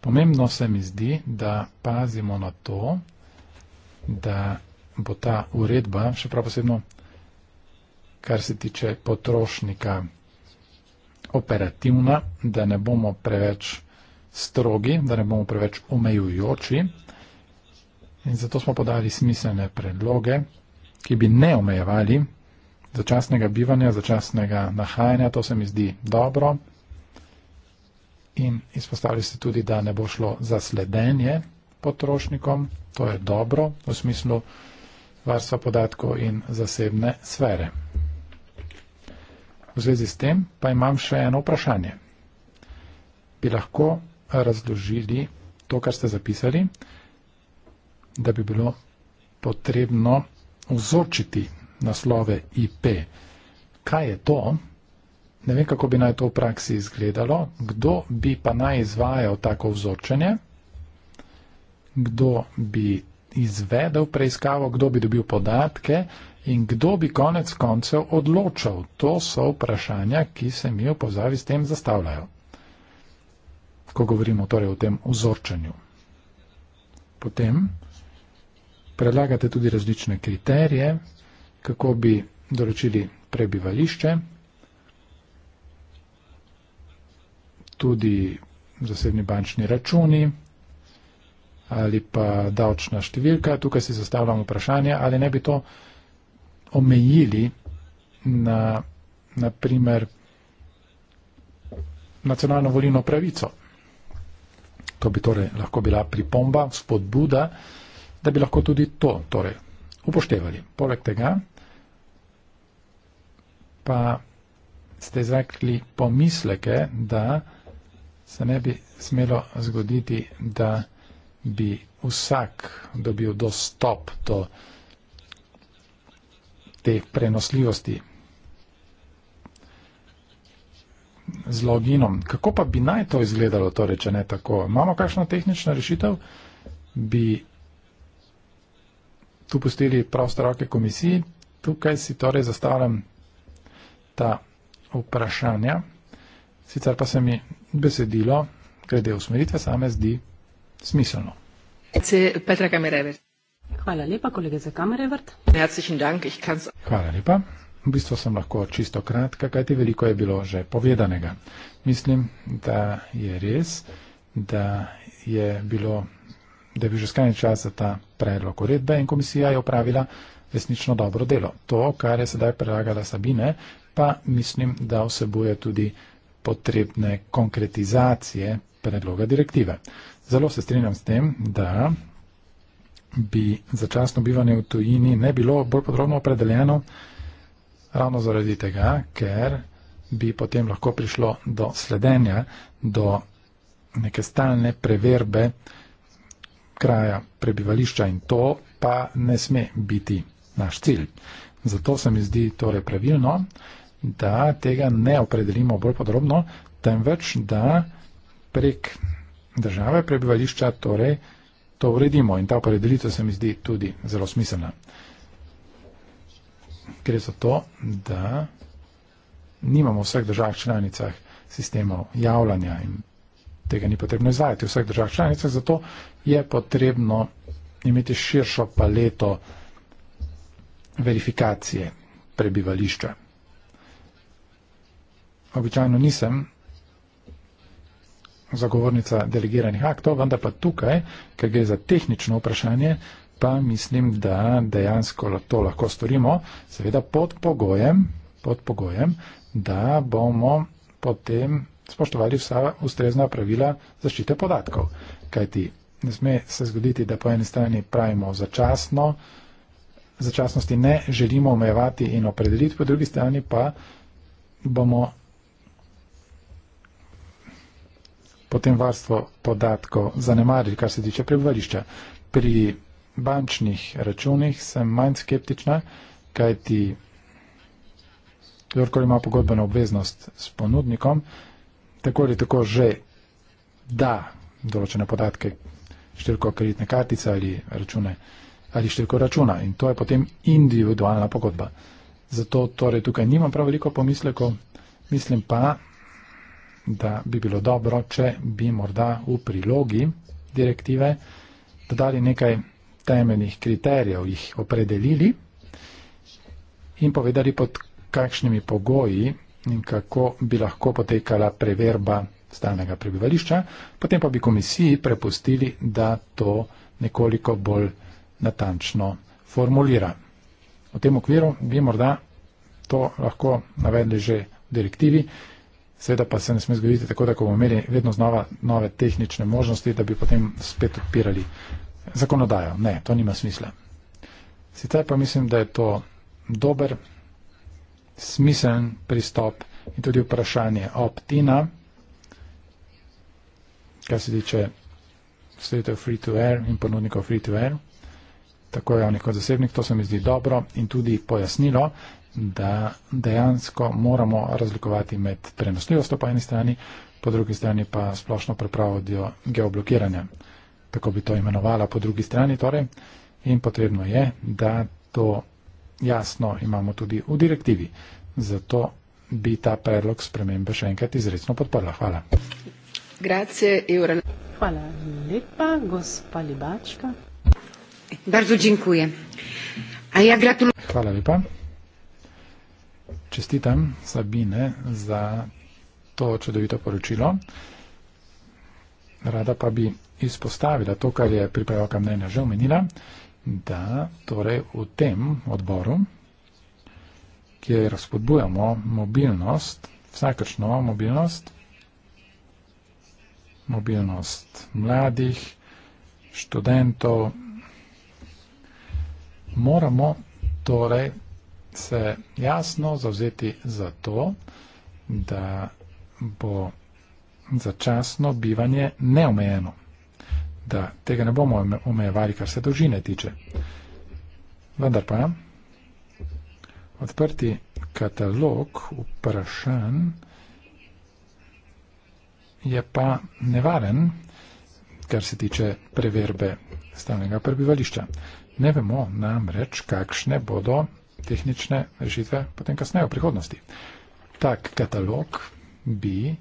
S2: Pomembno se mi zdi, da pazimo na to, da bo ta uredba, še prav posebno, kar se tiče potrošnika, operativna, da ne bomo preveč strogi, da ne bomo preveč omejujoči. In zato smo podali smiselne predloge, ki bi ne omejevali začasnega bivanja, začasnega nahajanja, to se mi zdi dobro. In izpostavili ste tudi, da ne bo šlo za sledenje potrošnikom, to je dobro v smislu varstva podatkov in zasebne sfere. V zvezi s tem pa imam še eno vprašanje. Bi lahko razložili to, kar ste zapisali, da bi bilo potrebno vzočiti naslove IP. Kaj je to? Ne vem, kako bi naj to v praksi izgledalo. Kdo bi pa naj izvajal tako vzorčenje? Kdo bi izvedel preiskavo, kdo bi dobil podatke in kdo bi konec koncev odločal? To so vprašanja, ki se mi v povzavi s tem zastavljajo. Ko govorimo torej o tem vzorčenju. Potem predlagate tudi različne kriterije, kako bi določili prebivališče, tudi zasebni bančni računi ali pa davčna številka. Tukaj si zastavljamo vprašanje, ali ne bi to omejili na naprimer nacionalno volilno pravico. To bi torej lahko bila pripomba, spodbuda, da bi lahko tudi to torej, upoštevali. Poleg tega pa ste izrekli pomisleke, da se ne bi smelo zgoditi, da bi vsak dobil dostop do te prenosljivosti z loginom. Kako pa bi naj to izgledalo, torej, če ne tako? Imamo kakšno tehnično rešitev? Bi tu pustili prosto roke komisiji? Tukaj si torej zastavljam ta vprašanja. Sicer pa se mi besedilo, glede usmeritve, same zdi smiselno.
S1: Hvala lepa, kolega za kamerevrt.
S2: Hvala lepa. V bistvu sem lahko čisto kratka, kajti veliko je bilo že povedanega. Mislim, da je res, da je bilo, da je bil že skrajni čas za ta predlog uredbe in komisija je opravila resnično dobro delo. To, kar je sedaj predlagala Sabine, pa mislim, da vsebuje tudi potrebne konkretizacije predloga direktive. Zelo se strinjam s tem, da bi začasno bivanje v tujini ne bilo bolj podrobno opredeljeno, ravno zaradi tega, ker bi potem lahko prišlo do sledenja, do neke stalne preverbe kraja prebivališča in to pa ne sme biti naš cilj. Zato se mi zdi torej pravilno, da tega ne opredelimo bolj podrobno, temveč da prek države prebivališča torej to uredimo. In ta opredelitev se mi zdi tudi zelo smiselna. Gre za to, da nimamo v vseh državah članicah sistemov javljanja in tega ni potrebno izvajati v vseh državah članicah, zato je potrebno imeti širšo paleto verifikacije prebivališča običajno nisem zagovornica delegiranih aktov, vendar pa tukaj, ker gre za tehnično vprašanje, pa mislim, da dejansko to lahko storimo, seveda pod pogojem, pod pogojem da bomo potem spoštovali vsa ustrezna pravila zaščite podatkov. Kajti ne sme se zgoditi, da po eni strani pravimo začasno, začasnosti ne želimo omejevati in opredeliti, po drugi strani pa bomo potem varstvo podatkov zanemari, kar se tiče prebivališča. Pri bančnih računih sem manj skeptična, kajti kdorkoli ima pogodbeno obveznost s ponudnikom, tako ali tako že da določene podatke štirko kreditne kartice ali račune ali štirko računa in to je potem individualna pogodba. Zato torej tukaj nimam prav veliko pomisleko, mislim pa, da bi bilo dobro, če bi morda v prilogi direktive dodali nekaj temeljnih kriterijev, jih opredelili in povedali pod kakšnimi pogoji in kako bi lahko potekala preverba stalnega prebivališča, potem pa bi komisiji prepustili, da to nekoliko bolj natančno formulira. V tem okviru bi morda to lahko navedli že v direktivi, Seveda pa se ne sme zgoditi tako, da bomo imeli vedno znova nove tehnične možnosti, da bi potem spet odpirali zakonodajo. Ne, to nima smisla. Sicer pa mislim, da je to dober, smiseln pristop in tudi vprašanje optina, kar se tiče svetov free to air in ponudnikov free to air tako javnih kot zasebnih. To se mi zdi dobro in tudi pojasnilo, da dejansko moramo razlikovati med prenosljivostjo po eni strani, po drugi strani pa splošno prepravodjo geoblokiranja. Tako bi to imenovala po drugi strani. Torej. In potrebno je, da to jasno imamo tudi v direktivi. Zato bi ta predlog spremembe še enkrat izredno podprla. Hvala.
S1: Grazie, Hvala lepa, gospa Libačka. Bardzo dziękuję.
S2: A ja gratuluję. Chwala lipa. Czestitam Sabine za to, co do to poruczyło. Rada pa bi izpostavila to, kar je pripravljaka mnenja že omenila, da torej v tem odboru, kjer razpodbujamo mobilnost, vsakršno mobilnost, mobilnost mladih, študentov, moramo torej se jasno zavzeti za to, da bo začasno bivanje neomejeno, da tega ne bomo omejevali, kar se dolžine tiče. Vendar pa odprti katalog vprašanj je pa nevaren, kar se tiče preverbe stalnega prebivališča. Ne vemo namreč, kakšne bodo tehnične rešitve potem kasneje v prihodnosti. Tak katalog bi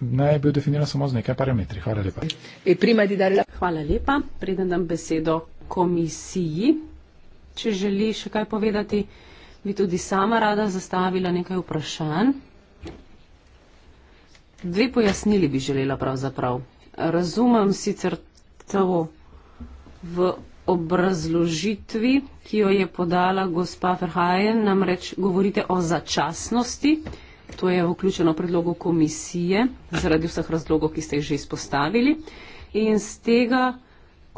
S2: naj bil definiran samo z nekaj parametri. Hvala lepa.
S1: E, Hvala lepa. Preden dam besedo komisiji, če želi še kaj povedati, bi tudi sama rada zastavila nekaj vprašanj. Dve pojasnili bi želela pravzaprav. Razumem sicer to v obrazložitvi, ki jo je podala gospa Ferhajen, namreč govorite o začasnosti, to je vključeno v predlogu komisije, zaradi vseh razlogov, ki ste jih že izpostavili. In z tega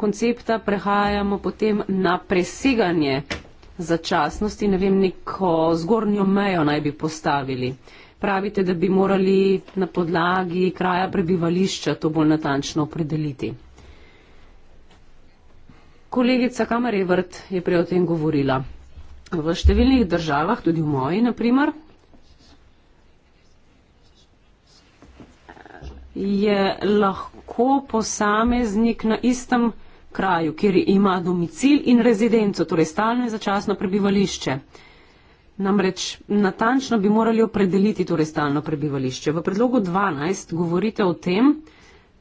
S1: koncepta prehajamo potem na preseganje začasnosti, ne vem, neko zgornjo mejo naj bi postavili. Pravite, da bi morali na podlagi kraja prebivališča to bolj natančno opredeliti. Kolegica Kamari Vrt je prej o tem govorila. V številnih državah, tudi v moji naprimer, je lahko posameznik na istem kraju, kjer ima domicil in rezidenco, torej stalno in začasno prebivališče. Namreč natančno bi morali opredeliti torej stalno prebivališče. V predlogu 12 govorite o tem,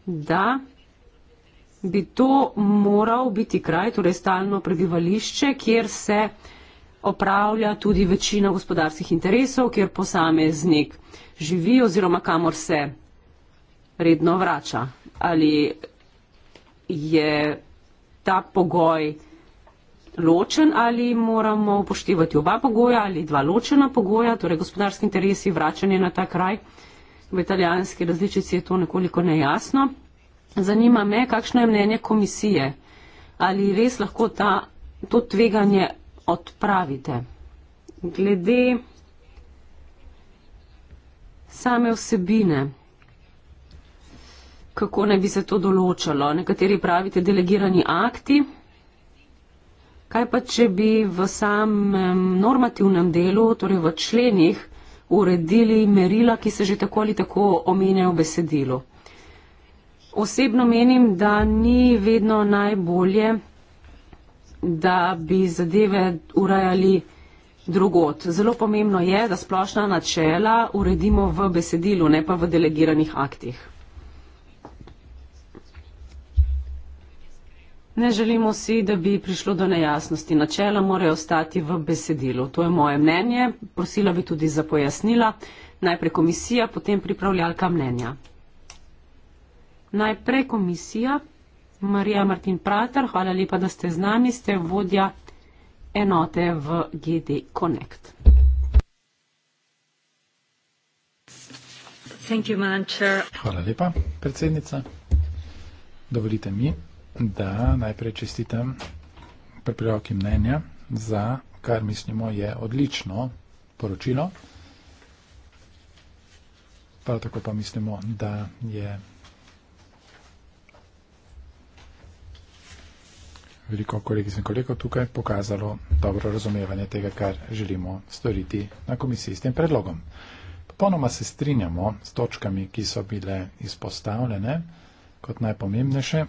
S1: da bi to moral biti kraj, torej stalno prebivališče, kjer se opravlja tudi večina gospodarskih interesov, kjer posameznik živi oziroma kamor se redno vrača. Ali je ta pogoj ločen ali moramo upoštevati oba pogoja ali dva ločena pogoja, torej gospodarski interesi, vračanje na ta kraj. V italijanski različici je to nekoliko nejasno. Zanima me, kakšno je mnenje komisije. Ali res lahko ta, to tveganje odpravite? Glede same vsebine, kako ne bi se to določalo? Nekateri pravite delegirani akti. Kaj pa, če bi v samem normativnem delu, torej v členih, uredili merila, ki se že tako ali tako omenjajo v besedilu? Osebno menim, da ni vedno najbolje, da bi zadeve urajali drugot. Zelo pomembno je, da splošna načela uredimo v besedilu, ne pa v delegiranih aktih. Ne želimo si, da bi prišlo do nejasnosti. Načela morajo ostati v besedilu. To je moje mnenje. Prosila bi tudi za pojasnila. Najprej komisija, potem pripravljalka mnenja. Najprej komisija. Marija Martin Prater, hvala lepa, da ste z nami. Ste vodja enote v GD Connect.
S2: Hvala lepa, predsednica. Dovolite mi, da najprej čestitam pripravki mnenja za, kar mislimo, je odlično poročilo. Prav tako pa mislimo, da je veliko kolegic in kolegov tukaj pokazalo dobro razumevanje tega, kar želimo storiti na komisiji s tem predlogom. Popolnoma se strinjamo s točkami, ki so bile izpostavljene kot najpomembnejše,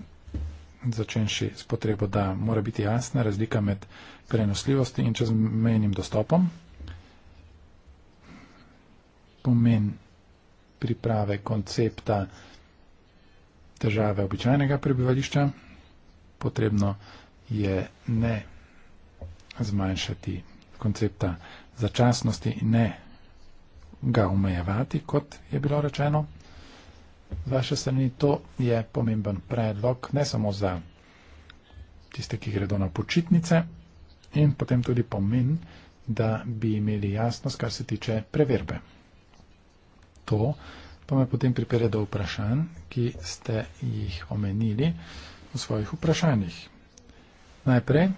S2: začenši s potrebo, da mora biti jasna razlika med prenosljivosti in čezmejnim dostopom. Pomen priprave koncepta države običajnega prebivališča, potrebno je ne zmanjšati koncepta začasnosti, ne ga omejevati, kot je bilo rečeno. Z vaše strani to je pomemben predlog, ne samo za tiste, ki gredo na počitnice in potem tudi pomen, da bi imeli jasnost, kar se tiče preverbe. To pa me potem pripere do vprašanj, ki ste jih omenili v svojih vprašanjih. Najprej,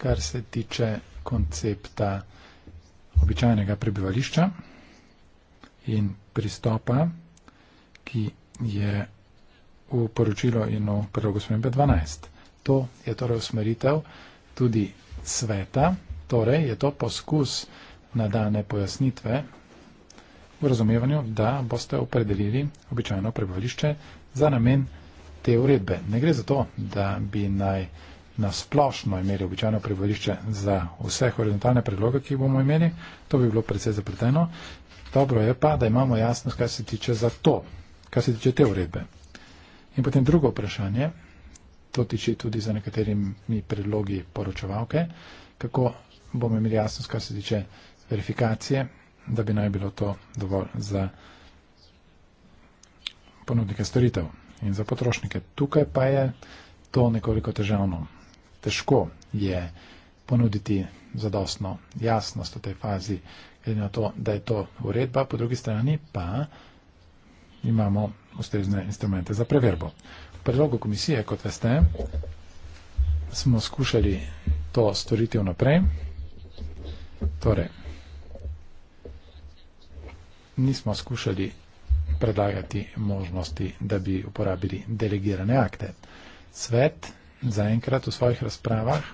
S2: kar se tiče koncepta običajnega prebivališča in pristopa, ki je v poročilo in v prilogu smembe 12. To je torej usmeritev tudi sveta, torej je to poskus nadane pojasnitve v razumevanju, da boste opredelili običajno prebivališče za namen te uredbe. Ne gre za to, da bi naj prebivališče na splošno imeli običajno prebolišče za vse horizontalne predloge, ki bomo imeli. To bi bilo predvsej zapleteno. Dobro je pa, da imamo jasnost, kaj se tiče za to, kaj se tiče te uredbe. In potem drugo vprašanje, to tiče tudi za nekaterimi predlogi poročevalke, kako bomo imeli jasnost, kaj se tiče verifikacije, da bi naj bilo to dovolj za ponudnike storitev in za potrošnike. Tukaj pa je to nekoliko težavno težko je ponuditi zadostno jasnost v tej fazi, glede na to, da je to uredba, po drugi strani pa imamo ustrezne instrumente za preverbo. V predlogu komisije, kot veste, smo skušali to storiti vnaprej. Torej, nismo skušali predlagati možnosti, da bi uporabili delegirane akte. Svet zaenkrat v svojih razpravah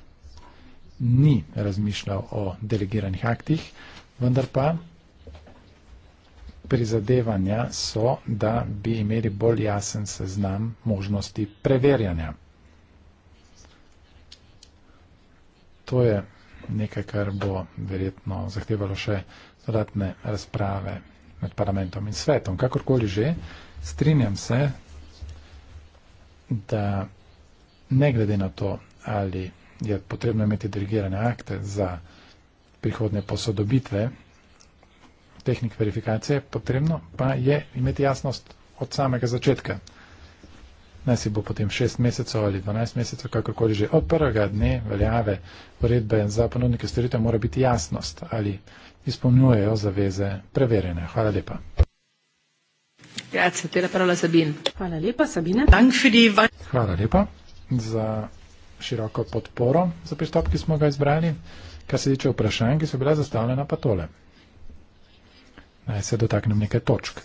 S2: ni razmišljal o delegiranih aktih, vendar pa prizadevanja so, da bi imeli bolj jasen seznam možnosti preverjanja. To je nekaj, kar bo verjetno zahtevalo še dodatne razprave med parlamentom in svetom. Kakorkoli že, strinjam se, da ne glede na to, ali je potrebno imeti delegirane akte za prihodne posodobitve tehnik verifikacije, potrebno pa je imeti jasnost od samega začetka. Naj si bo potem 6 mesecev ali 12 mesecev, kakorkoli že od prvega dne veljave uredbe za ponudnike storitev mora biti jasnost, ali izpolnjujejo zaveze preverjene. Hvala lepa.
S1: Grazie, te la parola Sabine. Hvala lepa, Sabine.
S2: Hvala lepa za široko podporo za pristop, ki smo ga izbrali. Kar se tiče vprašanj, ki so bila zastavljena pa tole. Naj se dotaknem nekaj točk.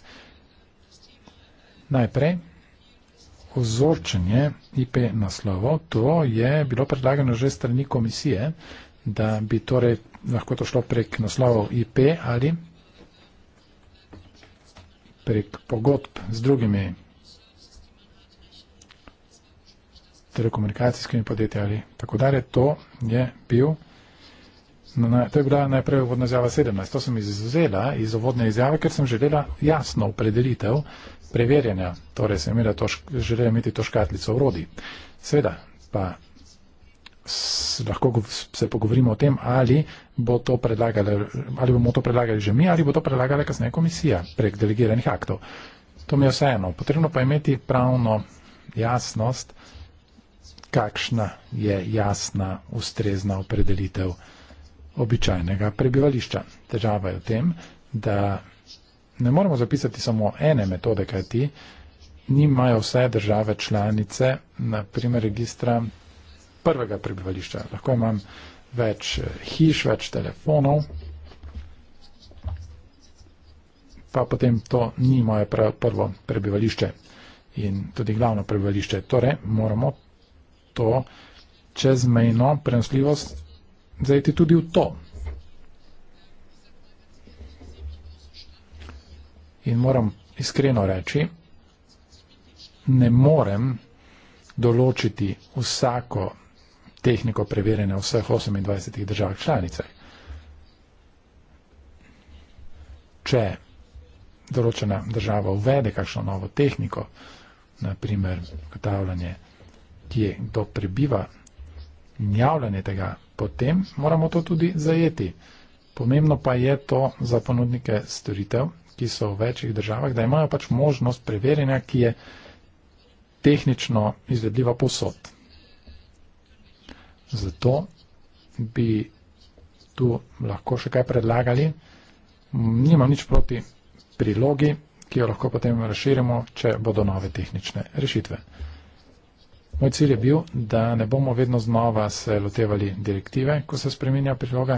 S2: Najprej, ozorčenje IP naslovov, to je bilo predlagano že strani komisije, da bi torej lahko to šlo prek naslovov IP ali prek pogodb z drugimi par telekomunikacijskimi podjetji ali tako dalje. To je bil. Na, to je bila najprej uvodna izjava 17. To sem izuzela iz uvodne izjave, ker sem želela jasno opredelitev preverjanja. Torej sem imela to, želela imeti to škatlico v rodi. Seveda pa s, lahko se pogovorimo o tem, ali, bo to ali bomo to predlagali že mi, ali bo to predlagala kasneje komisija prek delegiranih aktov. To mi je vseeno. Potrebno pa imeti pravno jasnost, kakšna je jasna, ustrezna opredelitev običajnega prebivališča. Težava je v tem, da ne moremo zapisati samo ene metode, kaj ti, nimajo vse države članice, naprimer, registra prvega prebivališča. Lahko imam več eh, hiš, več telefonov, pa potem to ni moje prvo prebivališče in tudi glavno prebivališče. Torej, moramo to čezmejno prenosljivost zajeti tudi v to. In moram iskreno reči, ne morem določiti vsako tehniko preverjanja vseh 28 držav članice. Če določena država uvede kakšno novo tehniko, naprimer katavljanje kje kdo prebiva in javljanje tega, potem moramo to tudi zajeti. Pomembno pa je to za ponudnike storitev, ki so v večjih državah, da imajo pač možnost preverjanja, ki je tehnično izvedljiva posod. Zato bi tu lahko še kaj predlagali. Nimam nič proti prilogi, ki jo lahko potem razširimo, če bodo nove tehnične rešitve. Moj cilj je bil, da ne bomo vedno znova se lotevali direktive, ko se spreminja priloga,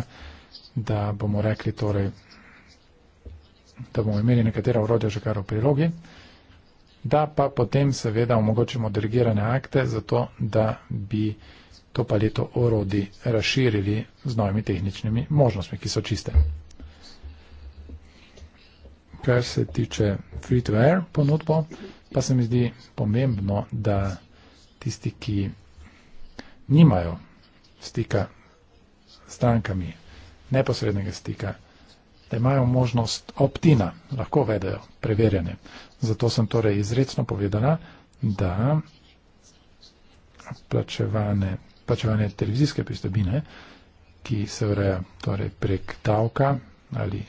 S2: da bomo rekli torej, da bomo imeli nekatera urodja že kar v prilogi, da pa potem seveda omogočimo delegirane akte za to, da bi to paleto orodi razširili z novimi tehničnimi možnostmi, ki so čiste. Kar se tiče free-to-air ponudbo, pa se mi zdi pomembno, da tisti, ki nimajo stika s strankami, neposrednega stika, da imajo možnost optina, lahko vedejo preverjanje. Zato sem torej izredno povedala, da plačevanje, plačevanje televizijske pristobine, ki se ureja torej prek davka ali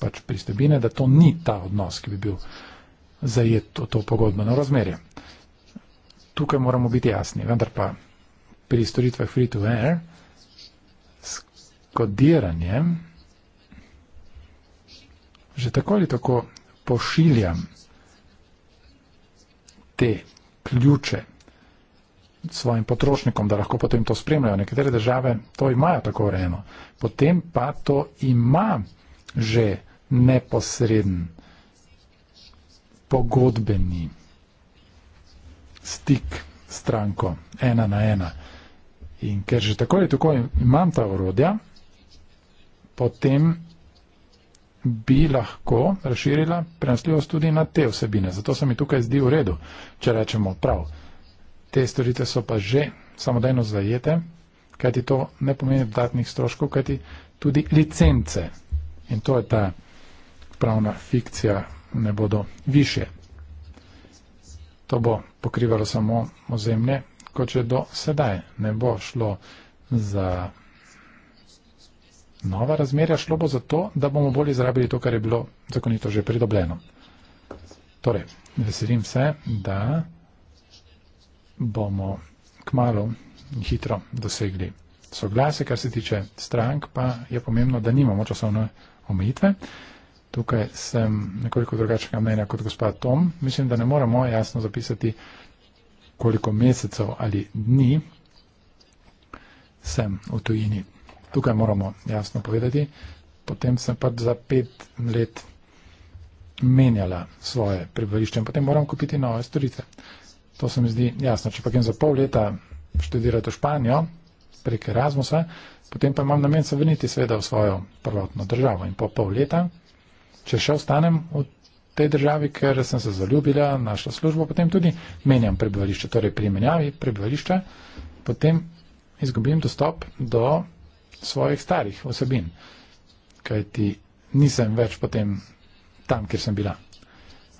S2: pač pristobine, da to ni ta odnos, ki bi bil zajet v to pogodbeno razmerje tukaj moramo biti jasni, vendar pa pri storitvah free to air s kodiranjem že tako ali tako pošiljam te ključe svojim potrošnikom, da lahko potem to spremljajo. Nekatere države to imajo tako urejeno. Potem pa to ima že neposreden pogodbeni stik s stranko, ena na ena. In ker že tako ali tako imam ta orodja, potem bi lahko razširila prenosljivost tudi na te vsebine. Zato se mi tukaj zdi v redu, če rečemo prav. Te storitve so pa že samodejno zajete, kajti to ne pomeni dodatnih stroškov, kajti tudi licence. In to je ta pravna fikcija, ne bodo više. To bo pokrivalo samo ozemlje, kot že do sedaj. Ne bo šlo za nova razmerja, šlo bo za to, da bomo bolj izrabili to, kar je bilo zakonito že pridobljeno. Torej, veselim se, da bomo kmalo hitro dosegli soglase, kar se tiče strank, pa je pomembno, da nimamo časovne omejitve tukaj sem nekoliko drugačnega mnenja kot gospod Tom. Mislim, da ne moremo jasno zapisati, koliko mesecev ali dni sem v tujini. Tukaj moramo jasno povedati. Potem sem pa za pet let menjala svoje prebivališče in potem moram kupiti nove storitve. To se mi zdi jasno. Če pa grem za pol leta študirati v Španijo prek Erasmusa, potem pa imam namen se vrniti seveda v svojo prvotno državo in po pol leta če še ostanem v tej državi, ker sem se zaljubila, našla službo, potem tudi menjam prebivališče, torej pri menjavi prebivališča, potem izgubim dostop do svojih starih osebin, kajti nisem več potem tam, kjer sem bila.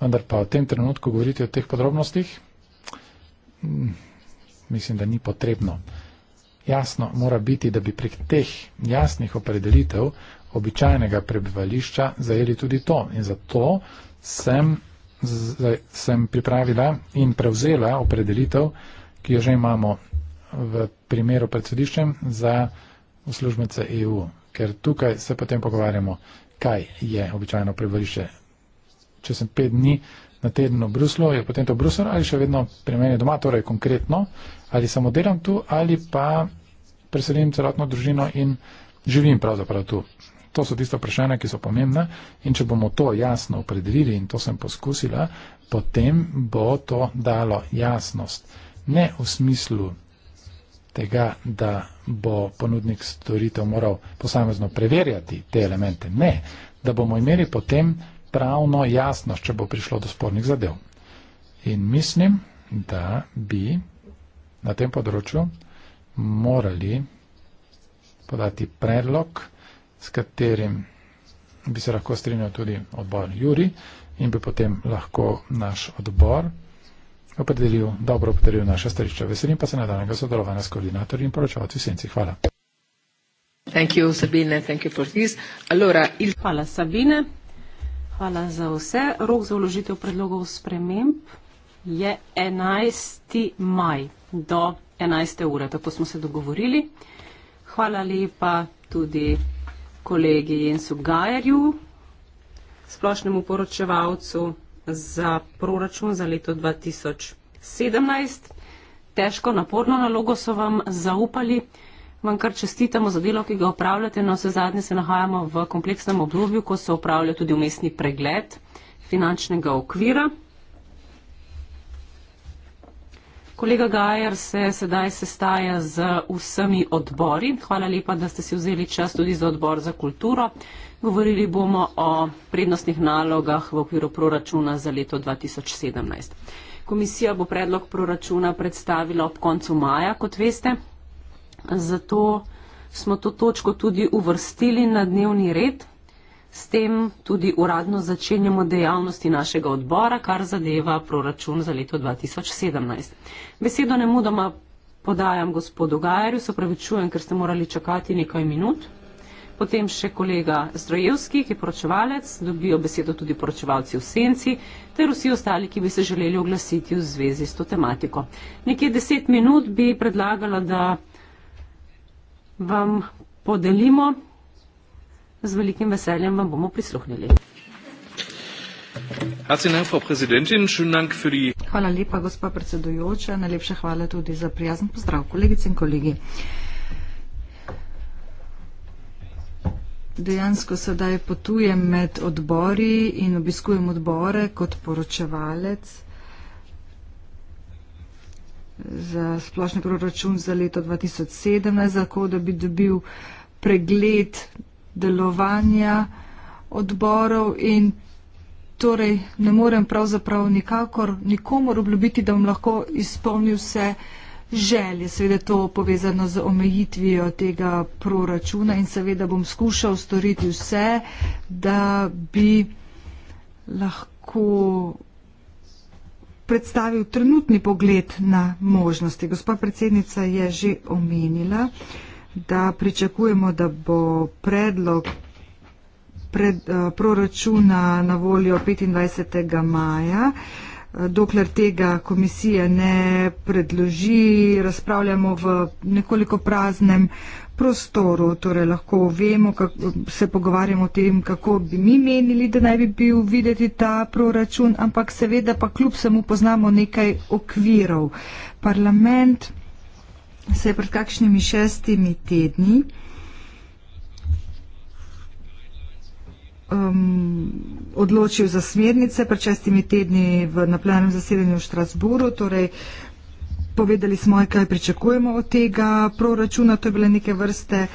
S2: Vendar pa v tem trenutku govoriti o teh podrobnostih, mm, mislim, da ni potrebno. Jasno mora biti, da bi prek teh jasnih opredelitev običajnega prebivališča zajeli tudi to. In zato sem, sem pripravila in prevzela opredelitev, ki jo že imamo v primeru pred sodiščem za uslužbence EU. Ker tukaj se potem pogovarjamo, kaj je običajno prebivališče. Če sem pet dni na teden v Bruslu, je potem to Brusel ali še vedno pri meni doma, torej konkretno, ali samo delam tu ali pa preselim celotno družino in živim pravzaprav tu. To so tiste vprašanja, ki so pomembna in če bomo to jasno opredelili in to sem poskusila, potem bo to dalo jasnost. Ne v smislu tega, da bo ponudnik storitev moral posamezno preverjati te elemente. Ne, da bomo imeli potem pravno jasnost, če bo prišlo do spornih zadev. In mislim, da bi na tem področju morali podati predlog, s katerim bi se lahko strinjal tudi odbor Juri in bi potem lahko naš odbor opredelil, dobro opredelil naše starišče. Veselim pa se nadaljnega sodelovanja s koordinatorji in poročavci v senci. Hvala.
S1: Thank you, Sabine. Thank you for this. Allora, il... Hvala, Sabine. Hvala za vse. Rok za vložitev predlogov sprememb je 11. maj do 11. ure. Tako smo se dogovorili. Hvala lepa tudi kolegi Jensu Gajerju, splošnemu poročevalcu za proračun za leto 2017. Težko, naporno nalogo so vam zaupali. Vam kar čestitamo za delo, ki ga upravljate. No, vse zadnje se nahajamo v kompleksnem obdobju, ko se upravlja tudi umestni pregled finančnega okvira. Kolega Gajer se sedaj sestaja z vsemi odbori. Hvala lepa, da ste si vzeli čas tudi za odbor za kulturo. Govorili bomo o prednostnih nalogah v okviru proračuna za leto 2017. Komisija bo predlog proračuna predstavila ob koncu maja, kot veste. Zato smo to točko tudi uvrstili na dnevni red S tem tudi uradno začenjamo dejavnosti našega odbora, kar zadeva proračun za leto 2017. Besedo ne mudoma podajam gospodu Gajerju, se pravičujem, ker ste morali čakati nekaj minut. Potem še kolega Strojevski, ki je poročevalec, dobijo besedo tudi poročevalci v senci, ter vsi ostali, ki bi se želeli oglasiti v zvezi s to tematiko. Nekje deset minut bi predlagala, da vam podelimo z velikim veseljem vam bomo prisluhnili.
S3: Hvala lepa, gospa predsedujoča. Najlepša hvala tudi za prijazen pozdrav, kolegice in kolegi. Dejansko sedaj potujem med odbori in obiskujem odbore kot poročevalec za splošni proračun za leto 2017, tako da bi dobil pregled delovanja odborov in torej ne morem pravzaprav nikakor nikomor obljubiti, da bom lahko izpolnil vse želje. Seveda to povezano z omejitvijo tega proračuna in seveda bom skušal storiti vse, da bi lahko predstavil trenutni pogled na možnosti. Gospod predsednica je že omenila, uh, da pričakujemo, da bo predlog pred, uh, proračuna na voljo 25. maja. Eh, dokler tega komisija ne predloži, razpravljamo v nekoliko praznem prostoru, torej lahko vemo, se pogovarjamo o tem, kako bi mi menili, da naj bi bil videti ta proračun, ampak seveda pa kljub samo poznamo nekaj okvirov. Parlament se je pred kakšnimi šestimi tedni um, odločil za smernice, pred šestimi tedni v, na plenarnem zasedanju v Štrasburu, torej povedali smo, kaj pričakujemo od tega proračuna, to je bila neke vrste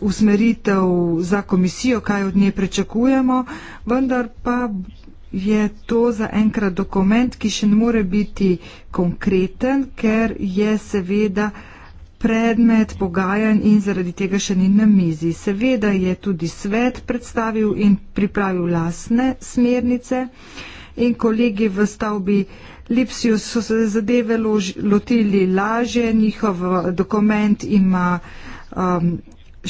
S3: usmeritev za komisijo, kaj od nje pričakujemo, vendar pa je to za enkrat dokument, ki še ne more biti konkreten, ker je seveda predmet pogajanj in zaradi tega še ni na mizi. Seveda je tudi svet predstavil in pripravil lasne smernice in kolegi v stavbi Lipsiju so se zadeve lotili laže, njihov dokument ima um,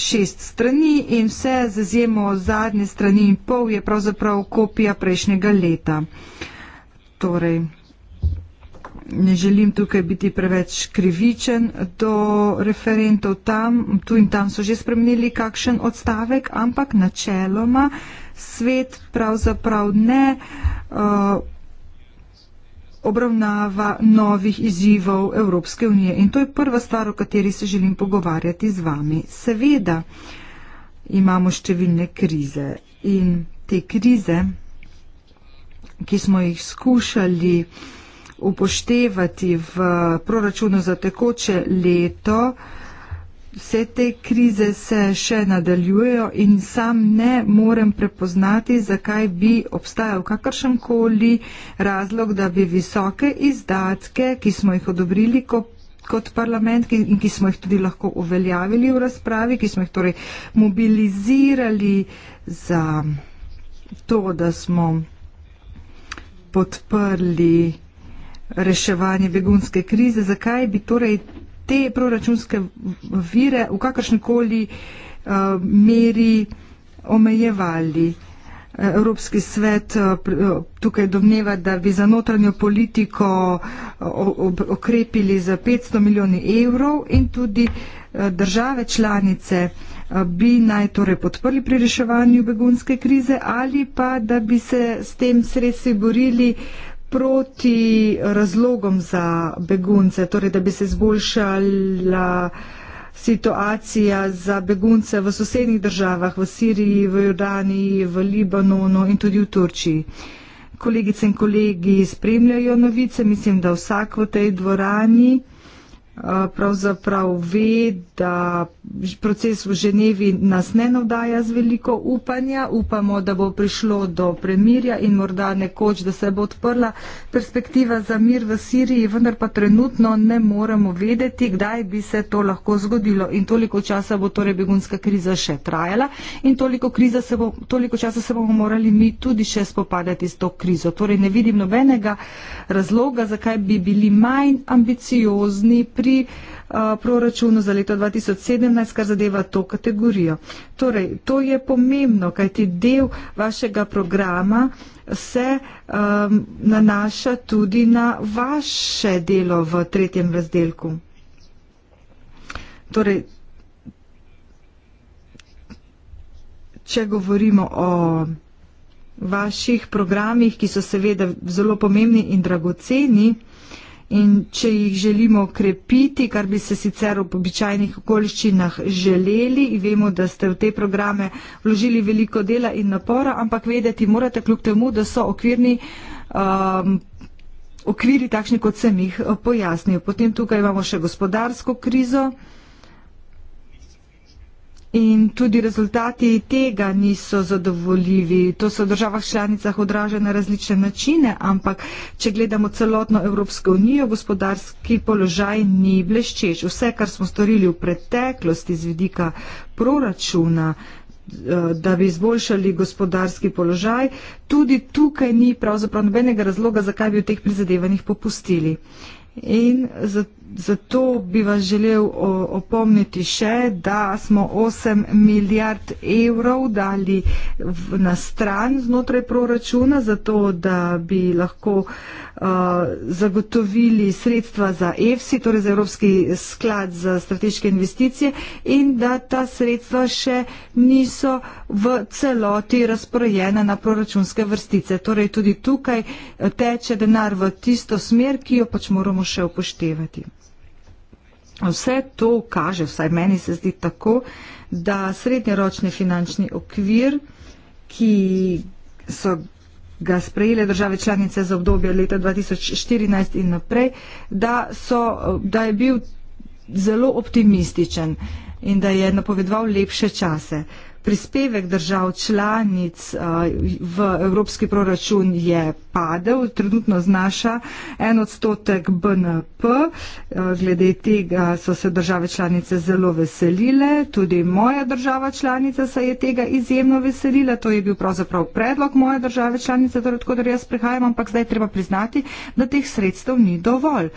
S3: šest strani in vse z izjemo zadnje strani in pol je pravzaprav kopija prejšnjega leta. Torej, ne želim tukaj biti preveč krivičen do referentov tam, tu in tam so že spremenili kakšen odstavek, ampak načeloma svet pravzaprav ne uh, obravnava novih izzivov Evropske unije. In to je prva stvar, o kateri se želim pogovarjati z vami. Seveda imamo številne krize in te krize, ki smo jih skušali uh, upoštevati v proračunu za tekoče leto. Vse te krize se še nadaljujejo in sam ne morem prepoznati, zakaj bi obstajal kakršen koli razlog, da bi visoke izdatke, ki smo jih odobrili kot parlament in ki smo jih tudi lahko uveljavili v razpravi, ki smo jih torej mobilizirali za to, da smo podprli reševanje begunske krize, zakaj bi torej te proračunske vire v kakršnikoli eh, meri omejevali. Eh, Evropski svet eh, tukaj domneva, da bi za notranjo politiko okrepili za 500 milijoni evrov in tudi države članice bi naj torej podprli pri reševanju begunske krize ali pa da bi se s tem sredstvi borili proti razlogom za begunce, torej da bi se izboljšala situacija za begunce v sosednjih državah, v Siriji, v Jordaniji, v Libanonu in tudi v Turčiji. Kolegice in kolegi spremljajo novice, mislim, da vsak v tej dvorani Eh, pravzaprav ve, da proces v Ženevi nas ne navdaja z veliko upanja. Upamo, da bo prišlo do premirja in morda nekoč, da se bo odprla perspektiva za mir v Siriji, vendar pa trenutno ne moremo vedeti, kdaj bi se to lahko zgodilo in toliko časa bo torej begunska kriza še trajala in toliko, kriza se bo, toliko časa se bomo morali mi tudi še spopadati s to krizo. Torej ne vidim nobenega razloga, zakaj bi bili manj ambiciozni pri eh, proračunu za leto 2017, kar zadeva to kategorijo. Torej, to je pomembno, kajti del vašega programa se um, nanaša tudi na vaše delo v tretjem razdelku. Torej, če govorimo o vaših programih, ki so seveda zelo pomembni in dragoceni, in če jih želimo krepiti, kar bi se sicer v običajnih okoliščinah želeli, vemo, da ste v te programe vložili veliko dela in napora, ampak vedeti morate kljub temu, da so okvirni. Um, okviri takšni, kot sem jih uh, pojasnil. Potem tukaj imamo še gospodarsko krizo, In tudi rezultati tega niso zadovoljivi. To so v državah članicah odražene na različne načine, ampak če gledamo celotno Evropsko unijo, gospodarski položaj ni bleščeč. Vse, kar smo storili v preteklosti z vidika proračuna, eh, da bi izboljšali gospodarski položaj, tudi tukaj ni pravzaprav nobenega razloga, zakaj bi v teh prizadevanjih popustili. In zato Zato bi vas želel opomniti še, da smo 8 milijard evrov dali na stran znotraj proračuna, zato da bi lahko uh, zagotovili sredstva za EFSI, torej za Evropski sklad za strateške investicije in da ta sredstva še niso v celoti razporejena na proračunske vrstice. Torej tudi tukaj uh, teče denar v tisto smer, ki jo pač moramo še upoštevati. Vse to kaže, vsaj meni se zdi tako, da srednjeročni finančni okvir, ki so ga sprejele države članice za obdobje leta 2014 in naprej, da, so, da je bil zelo optimističen in da je napovedoval lepše čase prispevek držav članic eh, v evropski proračun je padel, trenutno znaša en odstotek BNP. Eh, glede tega so se države članice zelo veselile, tudi moja država članica se je tega izjemno veselila, to je bil pravzaprav predlog moje države članice, torej tako da jaz prihajam, ampak zdaj treba priznati, da teh sredstev ni dovolj.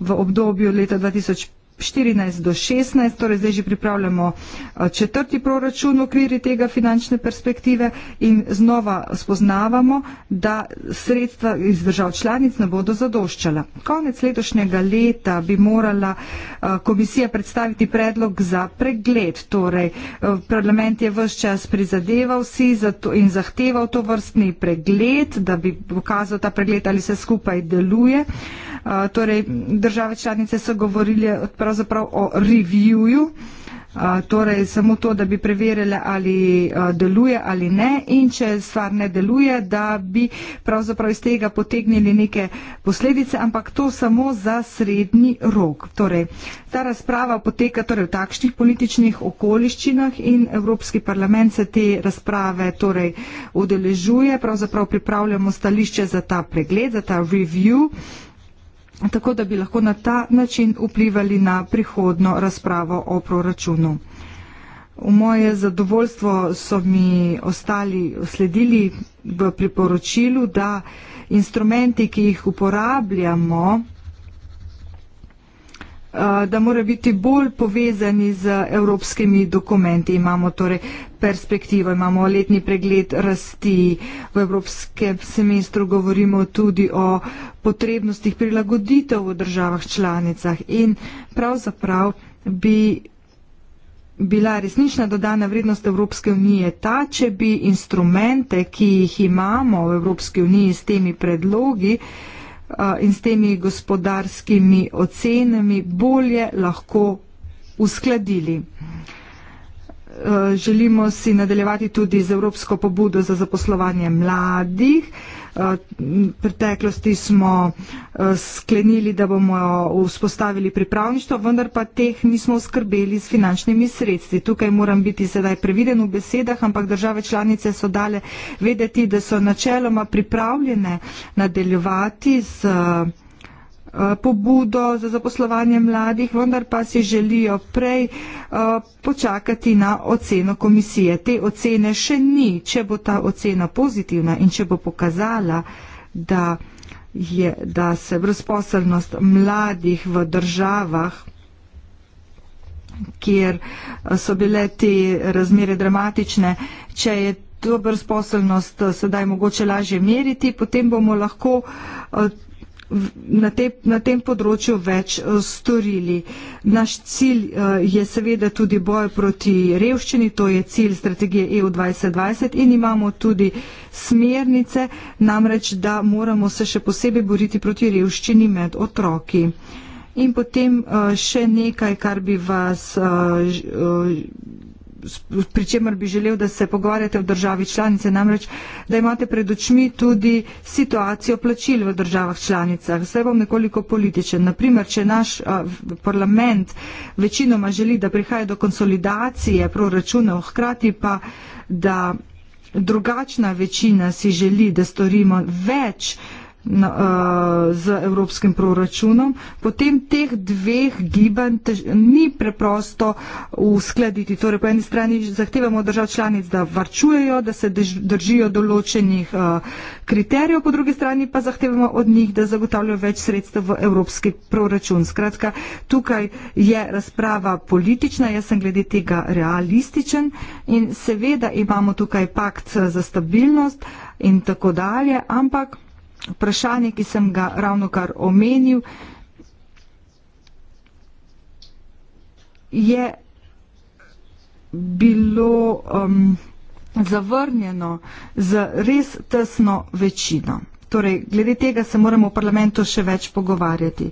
S3: V obdobju leta 2015 14 do 16, torej zdaj že pripravljamo eh, četrti proračun v okviru tega finančne perspektive in znova spoznavamo, da sredstva iz držav članic ne bodo zadoščala. Konec letošnjega leta bi morala eh, komisija predstaviti predlog za pregled. Torej, eh, parlament je vse čas prizadeval si in zahteval to vrstni pregled, da bi pokazal ta pregled, ali se skupaj deluje. Eh, torej države članice so govorile pravzaprav o reviewju, eh, torej samo to, da bi preverile, ali eh, deluje ali ne in če stvar ne deluje, da bi pravzaprav iz tega potegnili neke posledice, ampak to samo za srednji rok. Torej, ta razprava poteka torej, v takšnih političnih okoliščinah in Evropski parlament se te razprave torej, udeležuje, pravzaprav pripravljamo stališče za ta pregled, za ta review tako da bi lahko na ta način vplivali na prihodno razpravo o proračunu. V moje zadovoljstvo so mi ostali sledili v priporočilu, da instrumenti, ki jih uporabljamo, Eh, da mora biti bolj povezani z evropskimi dokumenti. Imamo torej perspektivo, imamo letni pregled rasti, v evropskem semestru govorimo tudi o potrebnostih prilagoditev v državah članicah in pravzaprav bi bila resnična dodana vrednost Evropske unije ta, če bi instrumente, ki jih imamo v Evropski uniji s temi predlogi, uh, in s temi gospodarskimi ocenami bolje lahko uskladili. Eh, želimo si nadaljevati tudi z Evropsko pobudo za zaposlovanje mladih. Eh, v preteklosti smo eh, sklenili, da bomo vzpostavili pripravništvo, vendar pa teh nismo skrbeli s finančnimi sredstvi. Tukaj moram biti sedaj previden v besedah, ampak države članice so dale vedeti, da so načeloma pripravljene nadaljevati z Eh, pobudo za zaposlovanje mladih, vendar pa si želijo prej eh, počakati na oceno komisije. Te ocene še ni, če bo ta ocena pozitivna in če bo pokazala, da, je, da se brezposelnost mladih v državah kjer eh, so bile te razmere dramatične. Če je to brezposelnost sedaj mogoče lažje meriti, potem bomo lahko na, te, na tem področju več eh, storili. Naš cilj eh, je seveda tudi boj proti revščini, to je cilj strategije EU 2020 in imamo tudi smernice, namreč, da moramo se še posebej boriti proti revščini med otroki. In potem eh, še nekaj, kar bi vas pri čemer bi želel, da se pogovarjate v državi članice, namreč, da imate pred očmi tudi situacijo plačil v državah članicah. Zdaj bom nekoliko političen. Naprimer, če naš parlament večinoma želi, da prihaja do konsolidacije proračunov, hkrati pa, da drugačna večina si želi, da storimo več na, uh, z evropskim proračunom, potem teh dveh gibanj tež, ni preprosto uskladiti. Torej, po eni strani zahtevamo od držav članic, da varčujejo, da se dež, držijo določenih uh, kriterijev, po drugi strani pa zahtevamo od njih, da zagotavljajo več sredstev v evropski proračun. Skratka, tukaj je razprava politična, jaz sem glede tega realističen in seveda imamo tukaj pakt eh, za stabilnost in tako dalje, ampak vprašanje, ki sem ga ravno kar omenil, je bilo um, zavrnjeno z res tesno večino. Torej, glede tega se moramo v parlamentu še več pogovarjati.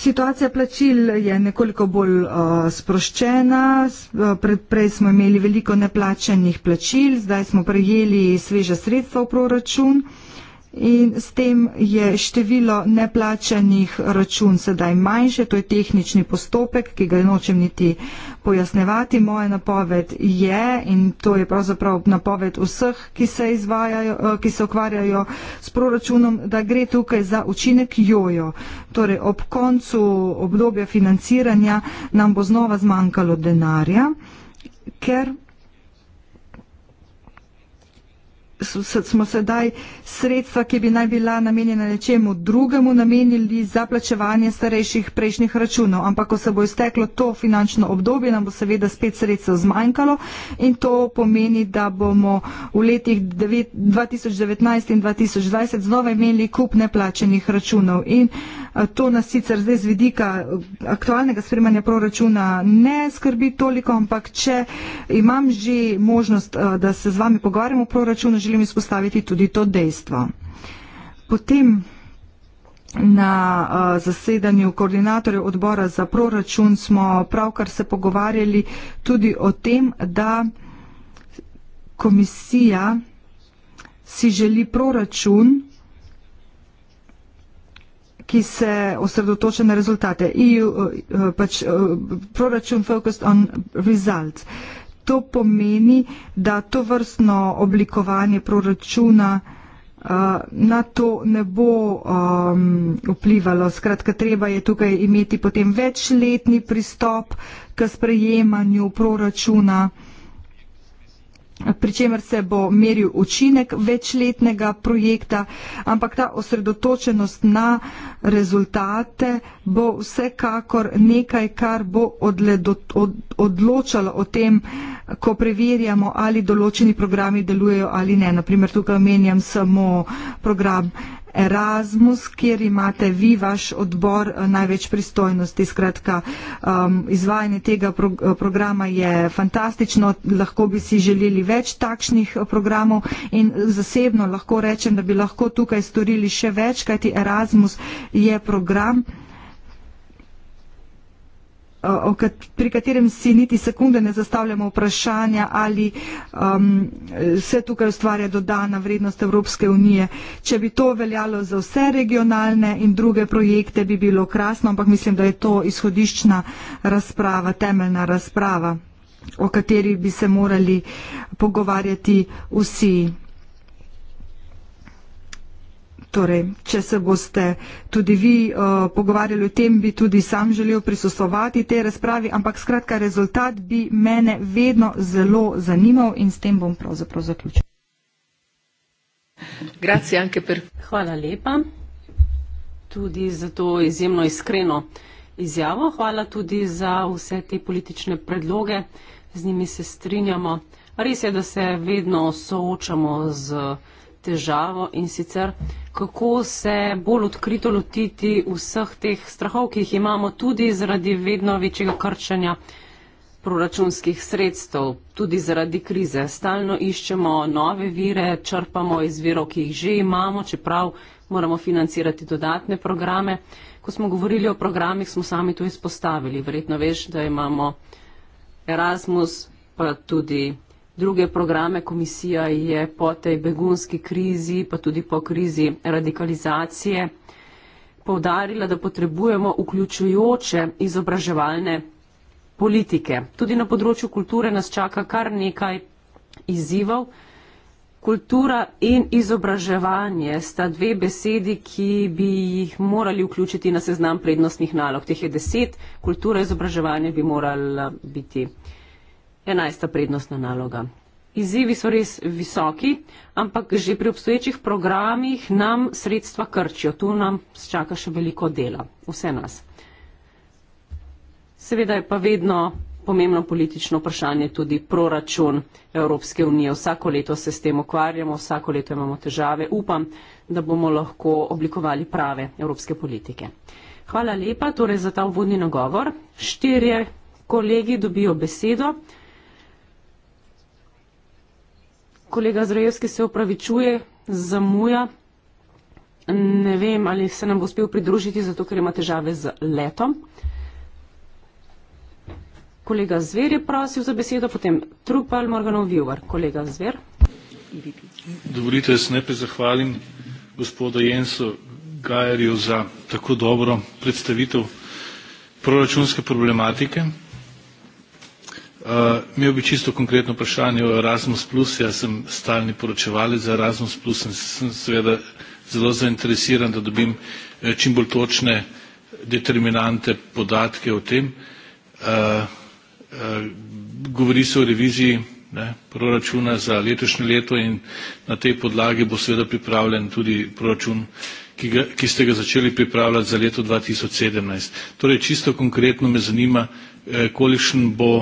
S3: Situacija plačil je nekoliko bolj uh, sproščena. Uh, pred, prej smo imeli veliko neplačenih plačil, zdaj smo prejeli sveža sredstva v proračun. Uh, In s tem je število neplačanih račun sedaj manjše, to je tehnični postopek, ki ga nočem niti pojasnevati. Moja napoved je, in to je pravzaprav napoved vseh, ki se, eh, ki se ukvarjajo s proračunom, da gre tukaj za učinek jojo. Torej, ob koncu obdobja financiranja nam bo znova zmanjkalo denarja, ker smo sedaj sredstva, ki bi naj bila namenjena nečemu drugemu, namenili za plačevanje starejših prejšnjih računov. Ampak, ko se bo izteklo to finančno obdobje, nam bo seveda spet sredstva zmanjkalo in to pomeni, da bomo v letih 2019 in 2020 znova imeli kup neplačenih računov. In eh, to nas sicer zdaj z vidika eh, aktualnega spremanja proračuna ne skrbi toliko, ampak če imam že možnost, eh, da se z vami pogovarjamo o proračunu, želim izpostaviti tudi to dejstvo. Potem na uh, zasedanju koordinatorjev odbora za proračun smo pravkar se pogovarjali tudi o tem, da komisija si želi proračun, ki se osredotoča na rezultate. EU, uh, eh, pač, uh, proračun focused on results. Uh, to pomeni, da to vrstno oblikovanje proračuna eh, na to ne bo um, vplivalo. Skratka, treba je tukaj imeti potem večletni pristop k sprejemanju proračuna pri čemer se bo meril učinek večletnega projekta, ampak ta osredotočenost na rezultate bo vsekakor nekaj, kar bo odločalo o tem, ko preverjamo, ali določeni programi delujejo ali ne. Naprimer, tukaj omenjam samo program Erasmus, kjer imate vi, vaš odbor, eh, največ pristojnosti. Skratka, um, izvajanje tega pro, eh, programa je fantastično, lahko bi si želeli več takšnih eh, programov in zasebno lahko rečem, da bi lahko tukaj storili še več, kajti Erasmus je program, pri katerem si niti sekunde ne zastavljamo vprašanja, ali um, vse tukaj ustvarja dodana vrednost Evropske unije. Če bi to veljalo za vse regionalne in druge projekte, bi bilo krasno, ampak mislim, da je to izhodiščna razprava, temeljna razprava, o kateri bi se morali pogovarjati vsi. Torej, če se boste tudi vi uh, pogovarjali o tem, bi tudi sam želel prisustovati tej razpravi, ampak skratka, rezultat bi mene vedno zelo zanimal in s tem bom pravzaprav zaključil.
S1: Grazie anche per... Hvala lepa tudi za to izjemno iskreno izjavo. Hvala tudi za vse te politične predloge, z njimi se strinjamo. Res je, da se vedno soočamo z težavo in sicer kako se bolj odkrito lotiti vseh teh strahov, ki jih imamo tudi zaradi vedno večjega krčanja proračunskih sredstev, tudi zaradi krize. Stalno iščemo nove vire, črpamo iz virov, ki jih že imamo, čeprav moramo financirati dodatne programe. Ko smo govorili o programih, smo sami to izpostavili. Verjetno veš, da imamo Erasmus, pa tudi druge programe komisija je po tej begunski krizi, pa tudi po krizi radikalizacije, povdarila, da potrebujemo vključujoče izobraževalne politike. Tudi na področju kulture nas čaka kar nekaj izzivov. Kultura in izobraževanje sta dve besedi, ki bi jih morali vključiti na seznam prednostnih nalog. Teh je deset, kultura in izobraževanje bi morala biti enajsta prednostna naloga. Izzivi so res visoki, ampak že pri obstoječih programih nam sredstva krčijo. Tu nam čaka še veliko dela, vse nas. Seveda je pa vedno pomembno politično vprašanje tudi proračun Evropske unije. Vsako leto se s tem ukvarjamo, vsako leto imamo težave. Upam, da bomo lahko oblikovali prave evropske politike. Hvala lepa torej za ta vodni nagovor. Štirje kolegi dobijo besedo. kolega Zrajevski se upravičuje, zamuja. Ne vem, ali se nam bo uspel pridružiti, zato ker ima težave z letom. Kolega Zver je prosil za besedo, potem Trupal Morganov Viewer. Kolega Zver.
S2: Dovolite, jaz najprej zahvalim gospoda Jensu Gajerju za tako dobro predstavitev proračunske problematike. Eh, imel bi čisto konkretno vprašanje o Erasmus Plus. Jaz sem stalni poročevalec za Erasmus Plus in sem seveda zelo zainteresiran, da dobim eh, čim bolj točne determinante podatke o tem. Eh, govori se o reviziji ne, proračuna za letošnje leto in na tej podlagi bo seveda pripravljen tudi proračun, ki, ga, ki ste ga začeli pripravljati za leto 2017. Torej, čisto konkretno me zanima, kolikšen bo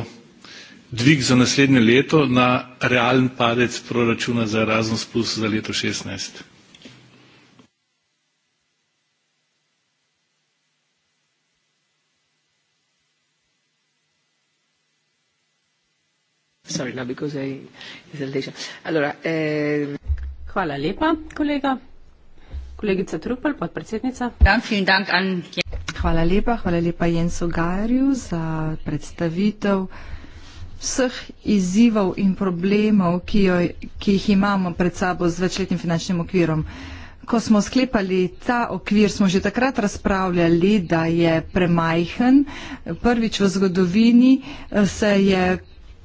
S2: dvig za naslednje leto na realen padec proračuna za Erasmus plus za leto 2016?
S1: Sorry, no, I, allora, eh... Hvala lepa, kolega. Kolegica Trupel, podpredsednica.
S3: Hvala lepa, hvala lepa Jensu Gajerju za predstavitev vseh izzivov in problemov, ki, jo, ki jih imamo pred sabo z večletnim finančnim okvirom. Ko smo sklepali ta okvir, smo že takrat razpravljali, da je premajhen. Prvič v zgodovini eh, se je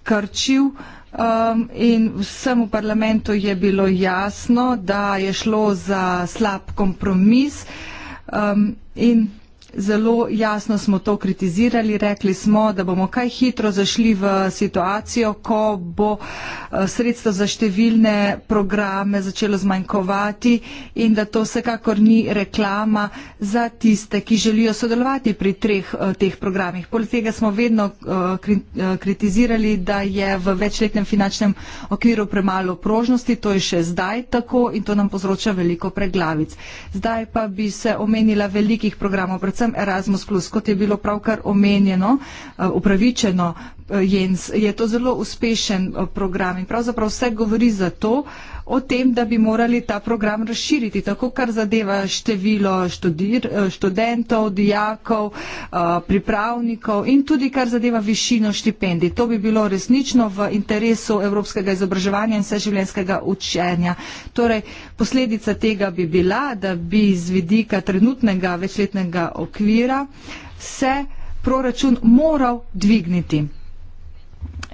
S3: krčil um, in vsem v parlamentu je bilo jasno, da je šlo za slab kompromis. Um, in Zelo jasno smo to kritizirali, rekli smo, da bomo kaj hitro zašli v situacijo, ko bo eh, sredstvo za številne programe začelo zmanjkovati in da to vsekakor ni reklama za tiste, ki želijo sodelovati pri treh eh, teh programih. Poleg tega smo vedno eh, kritizirali, da je v večletnem finančnem okviru premalo prožnosti, to je še zdaj tako in to nam povzroča veliko preglavic. Zdaj pa bi se omenila velikih programov, predvsem predvsem Erasmus, plus, kot je bilo pravkar omenjeno, eh, upravičeno, eh, Jens, je to zelo uspešen eh, program in pravzaprav vse govori za to, o tem, da bi morali ta program razširiti, tako kar zadeva število študir, eh, študentov, dijakov, eh, pripravnikov in tudi kar zadeva višino štipendij. To bi bilo resnično v interesu evropskega izobraževanja in vseživljenjskega učenja. Torej, posledica tega bi bila, da bi z vidika trenutnega večletnega okvira se proračun moral dvigniti.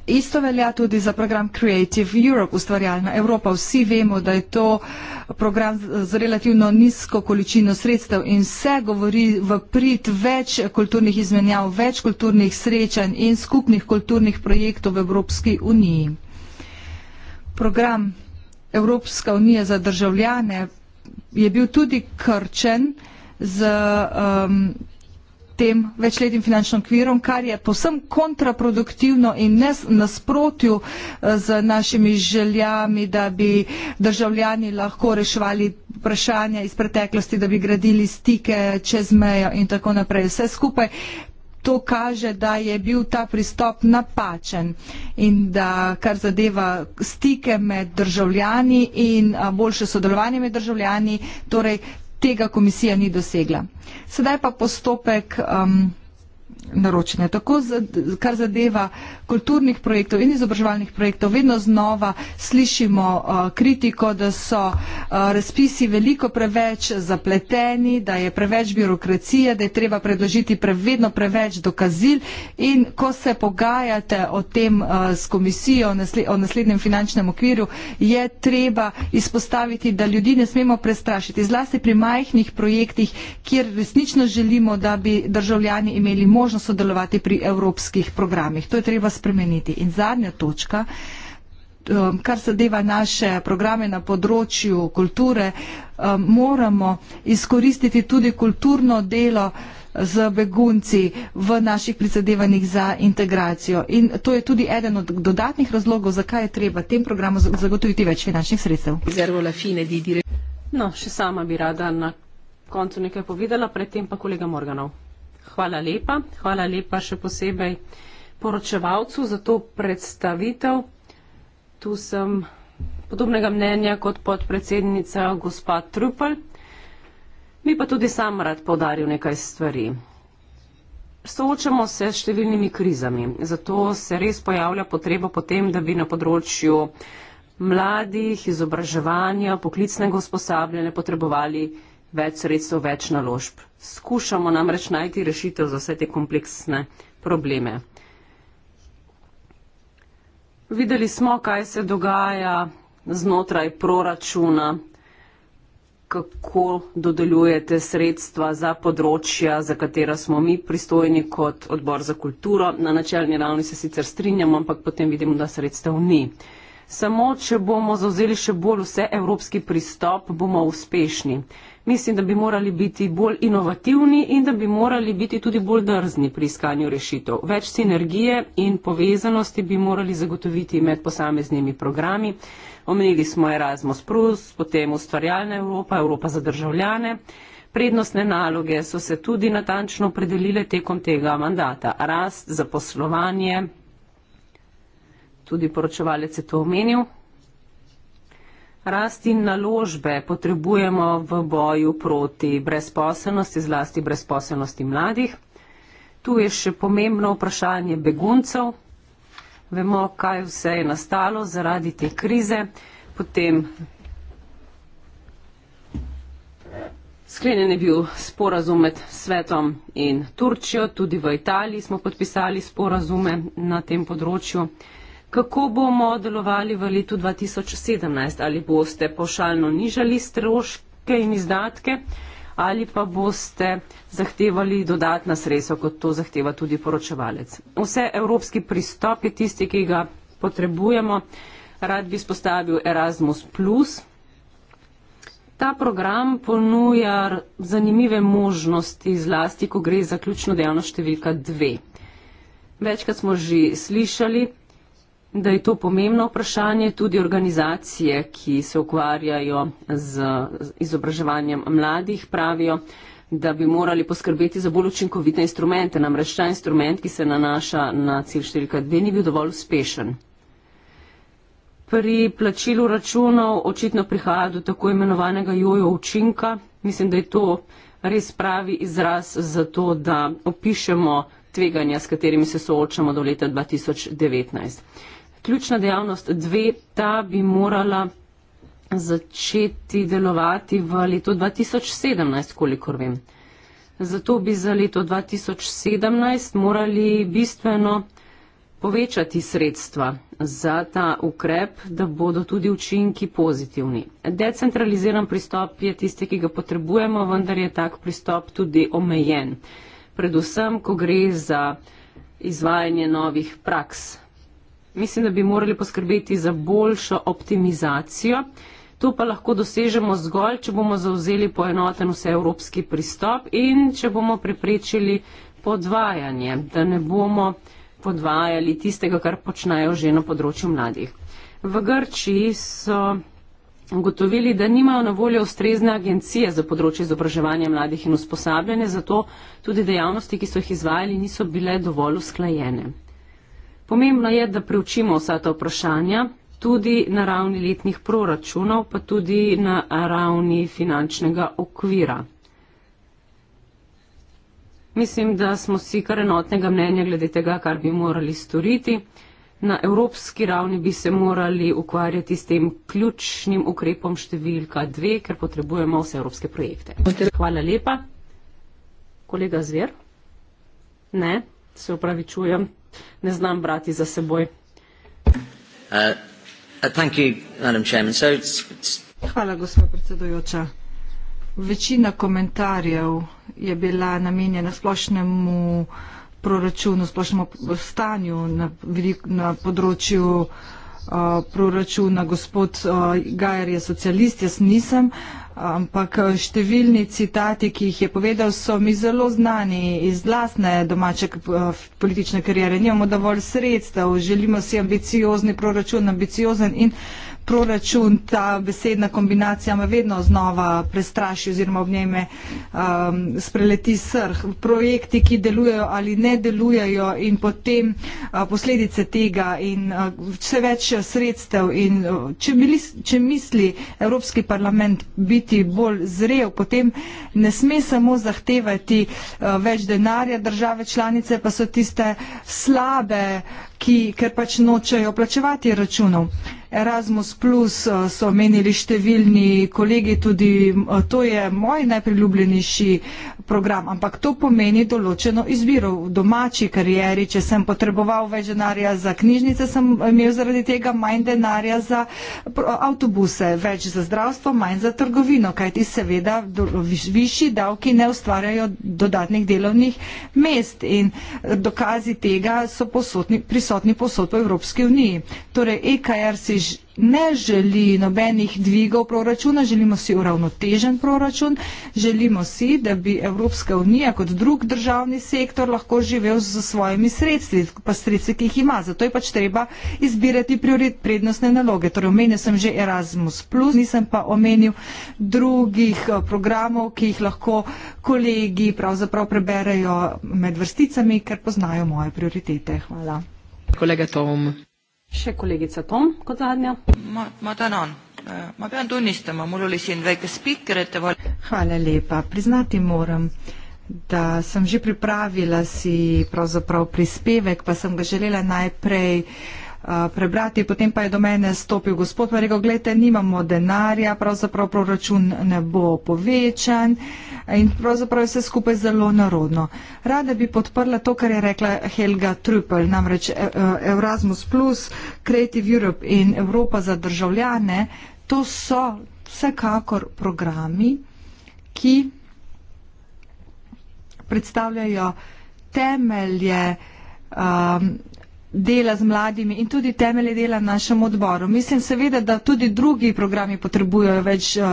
S3: Isto velja tudi za program Creative Europe, ustvarjalna Evropa. Vsi vemo, da je to program z relativno nizko količino sredstev in vse govori v prid več kulturnih izmenjav, več kulturnih srečanj in skupnih kulturnih projektov v Evropski uniji. Program Evropska unija za državljane je bil tudi krčen z. Um, tem večletnim finančnim okvirom, kar je posem kontraproduktivno in ne nasprotju eh, z našimi željami, da bi državljani lahko reševali vprašanja iz preteklosti, da bi gradili stike čez mejo in tako naprej. Vse skupaj to kaže, da je bil ta pristop napačen in da kar zadeva stike med državljani in eh, boljše sodelovanje med državljani, torej tega komisija ni dosegla. Sedaj pa postopek um, naročanja. Tako, kar zadeva kulturnih projektov in izobraževalnih projektov, vedno znova slišimo uh, kritiko, da so uh, razpisi veliko preveč zapleteni, da je preveč birokracije, da je treba predložiti vedno preveč dokazil in ko se pogajate o tem uh, s komisijo, o naslednjem finančnem okviru, je treba izpostaviti, da ljudi ne smemo prestrašiti. Zlasti pri majhnih projektih, kjer resnično želimo, da bi državljani imeli možnost možno sodelovati pri evropskih programih. To je treba spremeniti. In zadnja točka, um, kar zadeva naše programe na področju kulture, um, moramo izkoristiti tudi kulturno delo uh, z begunci v naših prizadevanjih za integracijo. In to je tudi eden od dodatnih razlogov, zakaj je treba tem programu zagotoviti več finančnih sredstev.
S1: No, še sama bi rada na koncu nekaj povedala, predtem pa kolega Morganov. Hvala lepa. Hvala lepa še posebej poročevalcu za to predstavitev. Tu sem podobnega mnenja kot podpredsednica gospa Trupel. Mi pa tudi sam rad povdaril nekaj stvari. Soočamo se s številnimi krizami, zato se res pojavlja potreba potem, da bi na področju mladih, izobraževanja, poklicnega usposabljanja potrebovali več sredstev, več naložb. Skušamo namreč najti rešitev za vse te kompleksne probleme. Videli smo, kaj se dogaja znotraj proračuna, kako dodeljujete sredstva za področja, za katera smo mi pristojni kot odbor za kulturo. Na načelni ravni se sicer strinjamo, ampak potem vidimo, da sredstev ni. Samo, če bomo zauzeli še bolj vse evropski pristop, bomo uspešni. Mislim, da bi morali biti bolj inovativni in da bi morali biti tudi bolj drzni pri iskanju rešitev. Več sinergije in povezanosti bi morali zagotoviti med posameznimi programi. Omenili smo Erasmus, Prus, potem ustvarjalna Evropa, Evropa za državljane. Prednostne naloge so se tudi natančno opredelile tekom tega mandata. Rast za poslovanje, tudi poročevalec je to omenil. Rast in naložbe potrebujemo v boju proti brezposelnosti, zlasti brezposelnosti mladih. Tu je še pomembno vprašanje beguncev. Vemo, kaj vse je nastalo zaradi te krize. Potem sklenjen je bil sporazum med svetom in Turčijo. Tudi v Italiji smo podpisali sporazume na tem področju. Kako bomo delovali v letu 2017? Ali boste pošalno nižali stroške in izdatke ali pa boste zahtevali dodatna sredstva, kot to zahteva tudi poročevalec? Vse evropski pristop je tisti, ki ga potrebujemo. Rad bi spostavil Erasmus. Ta program ponuja zanimive možnosti, zlasti, ko gre za ključno dejavnost številka dve. Večkrat smo že slišali, da je to pomembno vprašanje tudi organizacije, ki se ukvarjajo z izobraževanjem mladih, pravijo, da bi morali poskrbeti za bolj učinkovite instrumente. Namreč ta instrument, ki se nanaša na cilj 4.2, ni bil dovolj uspešen. Pri plačilu računov očitno prihaja do tako imenovanega jojo učinka. Mislim, da je to res pravi izraz za to, da opišemo tveganja, s katerimi se soočamo do leta 2019 ključna dejavnost dve, ta bi morala začeti delovati v letu 2017, kolikor vem. Zato bi za leto 2017 morali bistveno povečati sredstva za ta ukrep, da bodo tudi učinki pozitivni. Decentraliziran pristop je tisti, ki ga potrebujemo, vendar je tak pristop tudi omejen. Predvsem, ko gre za izvajanje novih praks Mislim, da bi morali poskrbeti za boljšo optimizacijo. To pa lahko dosežemo zgolj, če bomo zauzeli poenoten vseevropski pristop in če bomo preprečili podvajanje, da ne bomo podvajali tistega, kar počnejo že na področju mladih. V Grčiji so ugotovili, da nimajo na voljo ustrezne agencije za področje izobraževanja mladih in usposabljanja, zato tudi dejavnosti, ki so jih izvajali, niso bile dovolj usklajene. Pomembno je, da preučimo vsa ta vprašanja, tudi na ravni letnih proračunov, pa tudi na ravni finančnega okvira. Mislim, da smo si kar enotnega mnenja glede tega, kar bi morali storiti. Na evropski ravni bi se morali ukvarjati s tem ključnim ukrepom številka dve, ker potrebujemo vse evropske projekte. Hvala lepa. Kolega Zver? Ne, se upravičujem ne znam brati za seboj.
S2: Uh, uh,
S3: Hvala, gospod predsedujoča. Večina komentarjev je bila namenjena splošnemu proračunu, splošnemu stanju na, na področju uh, proračuna. Gospod uh, Gajer je socialist, jaz nisem. Uh, ampak eh, številni citati, ki jih je povedal, so mi zelo znani iz vlastne domače eh, politične karijere. Nimamo dovolj sredstev, želimo si ambiciozni proračun, ambiciozen in proračun, ta besedna kombinacija me vedno znova prestraši oziroma v njeme um, spreleti srh. Projekti, ki delujejo ali ne delujejo in potem uh, posledice tega in uh, vse več sredstev. In, uh, če, bili, če misli Evropski parlament biti bolj zrev, potem ne sme samo zahtevati uh, več denarja, države članice pa so tiste slabe, ki, ker pač nočejo plačevati računov. Uh, Erasmus, plus, eh, so omenili številni kolegi, tudi eh, to je moj najpriljubljenejši program, ampak to pomeni določeno izbiro. V domači karieri, če sem potreboval več denarja za knjižnice, sem imel zaradi tega manj denarja za avtobuse, več za zdravstvo, manj za trgovino, kajti seveda višji davki ne ustvarjajo dodatnih delovnih mest in eh, dokazi tega so posotni, prisotni posod po Evropski uniji. Torej, EKR si Torej, ne želi nobenih dvigov proračuna, želimo si uravnotežen proračun, želimo si, da bi Evropska unija kot drug državni sektor lahko živel z svojimi sredstvi, pa sredstvi, ki jih ima. Zato je pač treba izbirati prednostne naloge. Torej, omenil sem že Erasmus, nisem pa omenil drugih eh, programov, ki jih lahko kolegi pravzaprav preberejo med vrsticami, ker poznajo moje prioritete. Hvala. Kolega Tom. Še kolegica Tom kot zadnja. Ma, ma danon. Ma pean tunnistama, mul oli siin väike spiker, et te val... Hvala lepa. Priznati moram, da sem že pripravila si pravzaprav prispevek, pa sem ga želela najprej uh, prebrati. Potem pa je do mene stopil gospod in rekel, gledajte, nimamo denarja, pravzaprav proračun ne bo povečan in pravzaprav je vse skupaj zelo narodno. Rada bi podprla to, kar je rekla Helga Trupel, namreč e, e, Erasmus Plus, Creative Europe in Evropa za državljane, to so vsekakor programi, ki predstavljajo temelje um, dela z mladimi in tudi temelje dela našem odboru. Mislim seveda, da tudi drugi programi potrebujejo več uh,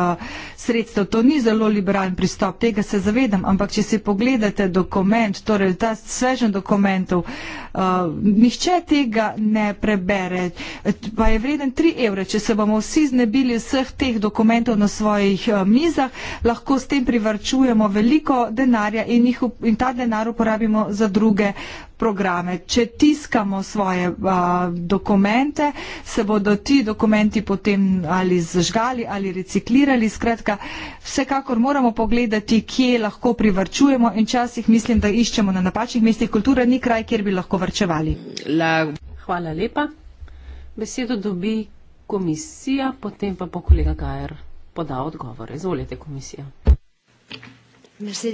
S3: sredstev. To ni zelo liberalen pristop, tega se zavedam, ampak če si pogledate dokument, torej ta svežen dokumentov, uh, nihče tega ne prebere. Pa je vreden 3 evre, če se bomo vsi znebili vseh teh dokumentov na svojih uh, mizah, lahko s tem privrčujemo veliko denarja in, jih, in ta denar uporabimo za druge uh, programe. Če tiskamo svoje a, dokumente, se bodo ti dokumenti potem ali zžgali ali reciklirali. Skratka, vsekakor moramo pogledati, kje lahko privrčujemo in časih mislim, da iščemo na napačnih mestih. Kultura ni kraj, kjer bi lahko vrčevali. La...
S1: Hvala lepa. Besedo dobi komisija, potem pa bo kolega Gajer podal odgovor. Izvolite komisija.
S3: Merci,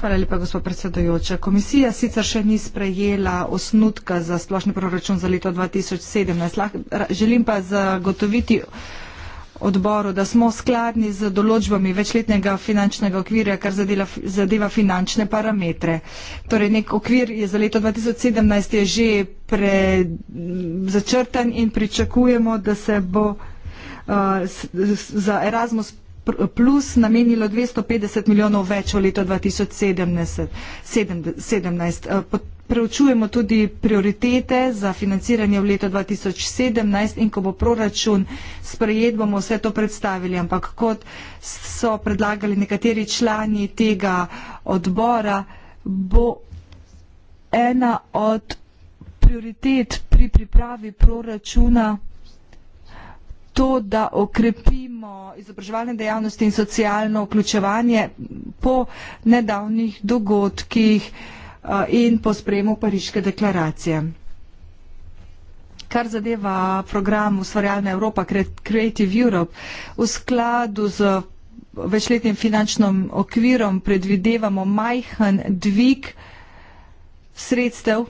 S3: Hvala lepa, gospod predsedujoča. Komisija sicer še ni sprejela osnutka za splošni proračun za leto 2017. Lah, želim pa zagotoviti odboru, da smo skladni z določbami večletnega finančnega okvirja, kar zadela, zadeva finančne parametre. Torej, nek okvir je za leto 2017 je že pre, začrtan in pričakujemo, da se bo uh, s, s, za Erasmus plus namenilo 250 milijonov več v leto 2017. Eh, preučujemo tudi prioritete za financiranje v leto 2017 in ko bo proračun sprejet, bomo vse to predstavili. Ampak kot so predlagali nekateri člani tega odbora, bo ena od prioritet pri pripravi proračuna to, da okrepimo izobraževalne dejavnosti in socialno vključevanje po nedavnih dogodkih eh, in po sprejemu Pariške deklaracije. Kar zadeva program Ustvarjalna Evropa, Creative Europe, v skladu z večletnim finančnim okvirom predvidevamo majhen dvig sredstev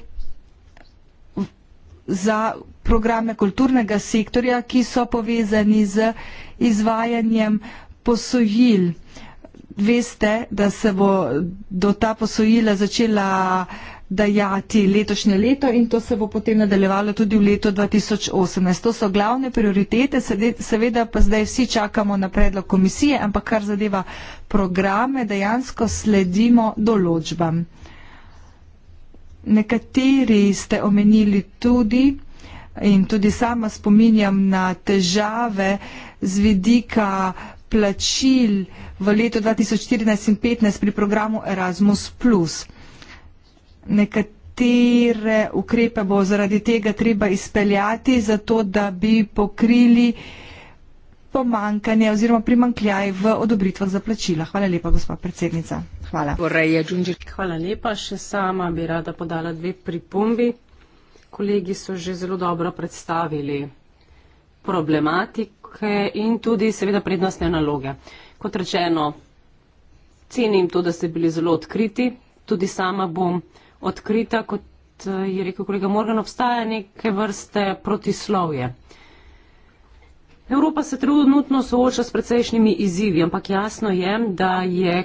S3: za programe kulturnega sektorja, ki so povezani z izvajanjem posojil. Veste, da se bo do ta posojila začela dajati letošnje leto in to se bo potem nadaljevalo tudi v leto 2018. To so glavne prioritete, seveda pa zdaj vsi čakamo na predlog komisije, ampak kar zadeva programe, dejansko sledimo določbam. Nekateri ste omenili tudi, in tudi sama spominjam na težave z vidika plačil v letu 2014 in 2015 pri programu Erasmus. Nekatere ukrepe bo zaradi tega treba izpeljati, zato da bi pokrili pomankanje oziroma primankljaj v odobritvah za plačila. Hvala lepa, gospa predsednica.
S1: Hvala. Hvala lepa. Še sama bi rada podala dve pripombi. Kolegi so že zelo dobro predstavili problematike in tudi seveda prednostne naloge. Kot rečeno, cenim to, da ste bili zelo odkriti. Tudi sama bom odkrita, kot eh, je rekel kolega Morgan, obstaja neke vrste protislovje. Evropa se trenutno sooča s precejšnjimi izzivi, ampak jasno je, da je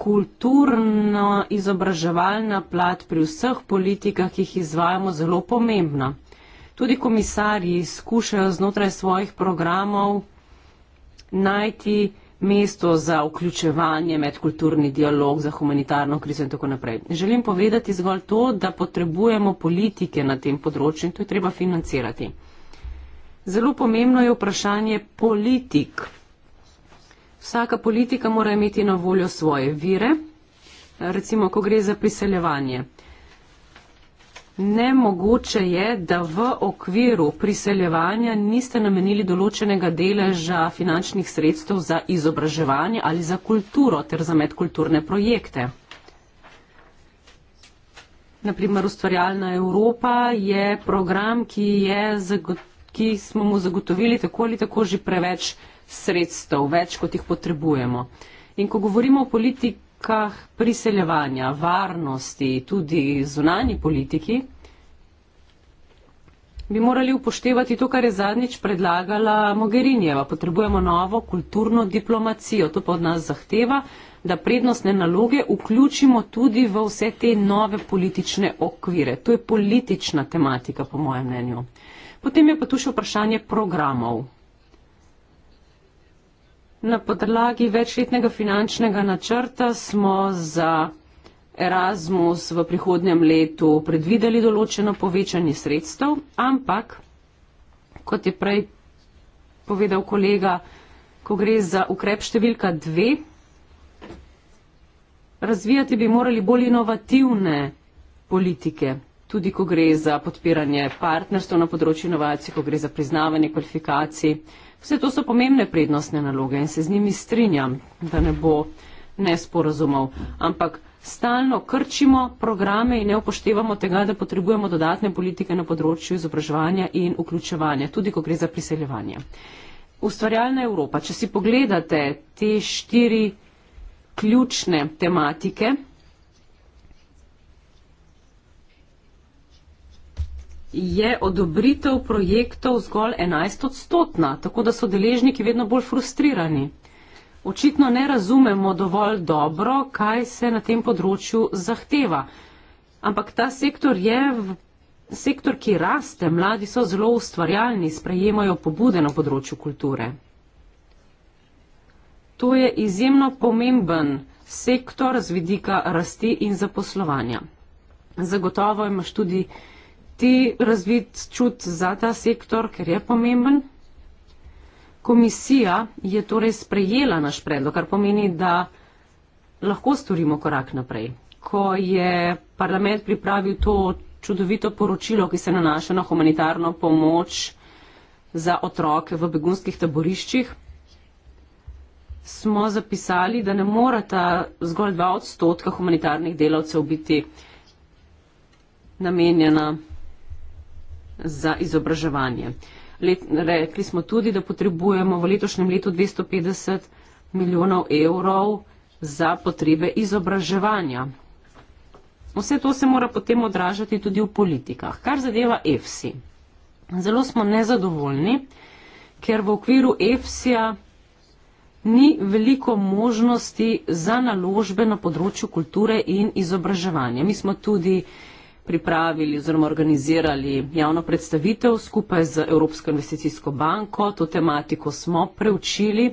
S1: kulturno-izobraževalna plat pri vseh politikah, ki jih izvajamo, zelo pomembna. Tudi komisarji skušajo znotraj svojih programov najti mesto za vključevanje, medkulturni dialog, za humanitarno krizo in tako naprej. Želim povedati zgolj to, da potrebujemo politike na tem področju in to je treba financirati. Zelo pomembno je vprašanje politik Vsaka politika mora imeti na voljo svoje vire, recimo, ko gre za priseljevanje. Nemogoče je, da v okviru priseljevanja niste namenili določenega deleža finančnih sredstev za izobraževanje ali za kulturo ter za medkulturne projekte. Naprimer, Ustvarjalna Evropa je program, ki, je, ki smo mu zagotovili tako ali tako že preveč sredstev, več kot jih potrebujemo. In ko govorimo o politikah priseljevanja, varnosti, tudi zunani politiki, bi morali upoštevati to, kar je zadnjič predlagala Mogherinjeva. Potrebujemo novo kulturno diplomacijo. To pa od nas zahteva, da prednostne naloge vključimo tudi v vse te nove politične okvire. To je politična tematika, po mojem mnenju. Potem je pa tu še vprašanje programov. Na podlagi večletnega finančnega načrta smo za Erasmus v prihodnjem letu predvideli določeno povečanje sredstev, ampak, kot je prej povedal kolega, ko gre za ukrep številka dve, razvijati bi morali bolj inovativne politike, tudi ko gre za podpiranje partnerstva na področju inovacij, ko gre za priznavanje kvalifikacij. Vse to so pomembne prednostne naloge in se z njimi strinjam, da ne bo nesporazumov. Ampak stalno krčimo programe in ne upoštevamo tega, da potrebujemo dodatne politike na področju izobraževanja in vključevanja, tudi ko gre za priseljevanje. Ustvarjalna Evropa, če si pogledate te štiri ključne tematike, je odobritev projektov zgolj 11 odstotna, tako da so deležniki vedno bolj frustrirani. Očitno ne razumemo dovolj dobro, kaj se na tem področju zahteva. Ampak ta sektor je sektor, ki raste, mladi so zelo ustvarjalni, sprejemajo pobude na področju kulture. To je izjemno pomemben sektor z vidika rasti in zaposlovanja. Zagotovo imaš tudi ti razvit čut za ta sektor, ker je pomemben. Komisija je torej sprejela naš predlog, kar pomeni, da lahko storimo korak naprej. Ko je parlament pripravil to čudovito poročilo, ki se nanaša na humanitarno pomoč za otroke v begunskih taboriščih, smo zapisali, da ne morata zgolj dva odstotka humanitarnih delavcev biti namenjena za izobraževanje. Let, rekli smo tudi, da potrebujemo v letošnjem letu 250 milijonov evrov za potrebe izobraževanja. Vse to se mora potem odražati tudi v politikah. Kar zadeva EFSI. Zelo smo nezadovoljni, ker v okviru EFSI-ja ni veliko možnosti za naložbe na področju kulture in izobraževanja. Mi smo tudi pripravili oziroma organizirali javno predstavitev skupaj z Evropsko investicijsko banko. To tematiko smo preučili.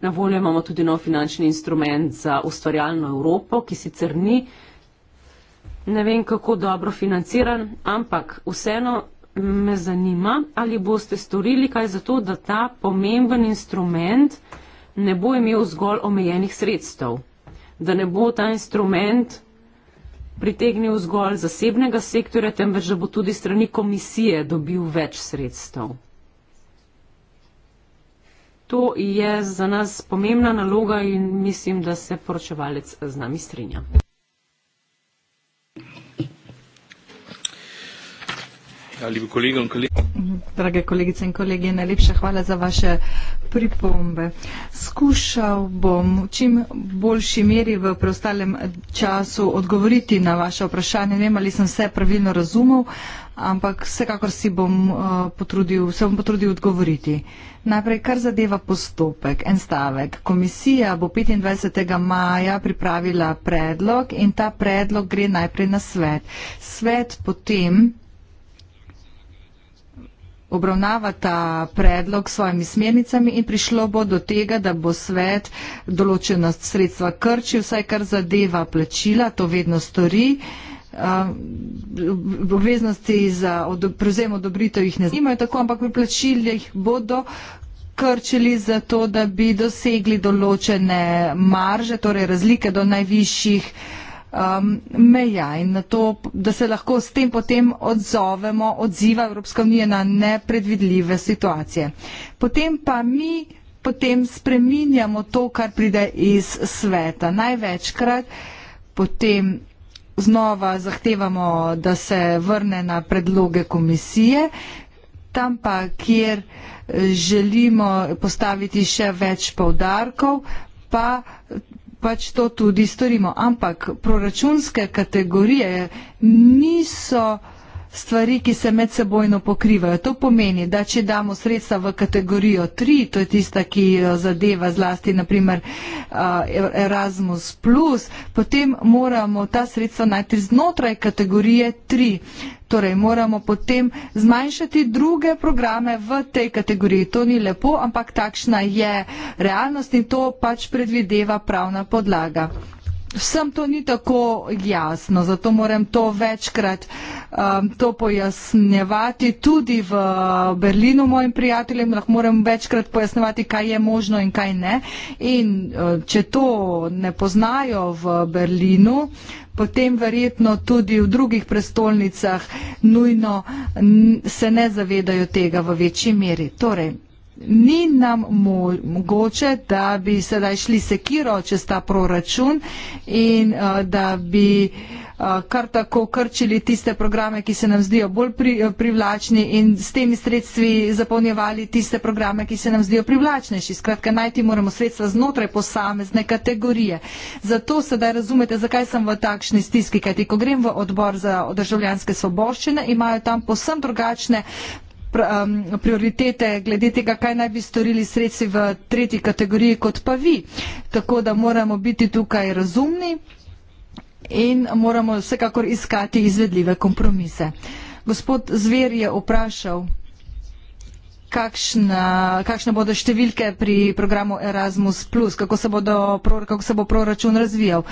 S1: Na voljo imamo tudi nov finančni instrument za ustvarjalno Evropo, ki sicer ni ne vem kako dobro financiran, ampak vseeno me zanima, ali boste storili kaj za to, da ta pomemben instrument ne bo imel zgolj omejenih sredstev. Da ne bo ta instrument pritegnil zgolj zasebnega sektorja, temveč da bo tudi strani komisije dobil več sredstev. To je za nas pomembna naloga in mislim, da se poročevalec z nami strinja.
S2: ali bi kolegom kolegom.
S3: Drage kolegice in kolegi, najlepša hvala za vaše pripombe. Skušal bom v čim boljši meri v preostalem času odgovoriti na vaše vprašanje. Ne vem, ali sem vse pravilno razumel, ampak vsekakor si bom, uh, potrudil, se bom potrudil odgovoriti. Najprej, kar zadeva postopek, en stavek. Komisija bo 25. maja pripravila predlog in ta predlog gre najprej na svet. Svet potem obravnava ta predlog s svojimi smernicami in prišlo bo do tega, da bo svet določena sredstva krčil, vsaj kar zadeva plačila, to vedno stori. Uh, obveznosti za odob prevzem odobritev jih ne zanimajo tako, ampak pri plačiljih bodo krčili za to, da bi dosegli določene marže, torej razlike do najvišjih uh, um, meja in na to, da se lahko s tem potem odzovemo, odziva Evropska unija na nepredvidljive situacije. Potem pa mi potem spreminjamo to, kar pride iz sveta. Največkrat potem znova zahtevamo, da se vrne na predloge komisije, tam pa, kjer eh, želimo postaviti še več povdarkov, pa pač to tudi storimo. Ampak proračunske kategorije niso stvari, ki se medsebojno pokrivajo. To pomeni, da če damo sredstva v kategorijo 3, to je tista, ki zadeva zlasti naprimer Erasmus, potem moramo ta sredstva najti znotraj kategorije 3. Torej, moramo potem zmanjšati druge programe v tej kategoriji. To ni lepo, ampak takšna je realnost in to pač predvideva pravna podlaga. Vsem to ni tako jasno, zato moram to večkrat um, to pojasnjevati. Tudi v Berlinu mojim prijateljem lahko moram večkrat pojasnjevati, kaj je možno in kaj ne. In uh, če to ne poznajo v Berlinu, potem verjetno tudi v drugih prestolnicah nujno se ne zavedajo tega v večji meri. Torej, ni nam mogoče, da bi sedaj šli sekiro čez ta proračun in uh, da bi eh, kar tako krčili tiste programe, ki se nam zdijo bolj pri, eh, privlačni in s temi sredstvi zapolnjevali tiste programe, ki se nam zdijo privlačnejši. Skratka, najti moramo sredstva znotraj posamezne kategorije. Zato sedaj razumete, zakaj sem v takšni stiski, kajti ko grem v odbor za državljanske svoboščine, imajo tam posem drugačne pr, um, prioritete glede tega, kaj naj bi storili sredstvi v tretji kategoriji, kot pa vi. Tako da moramo biti tukaj razumni in moramo vsekakor iskati izvedljive kompromise. Gospod Zver je vprašal, kakšna, kakšne bodo številke pri programu Erasmus, kako se, bodo, kako se bo proračun razvijal.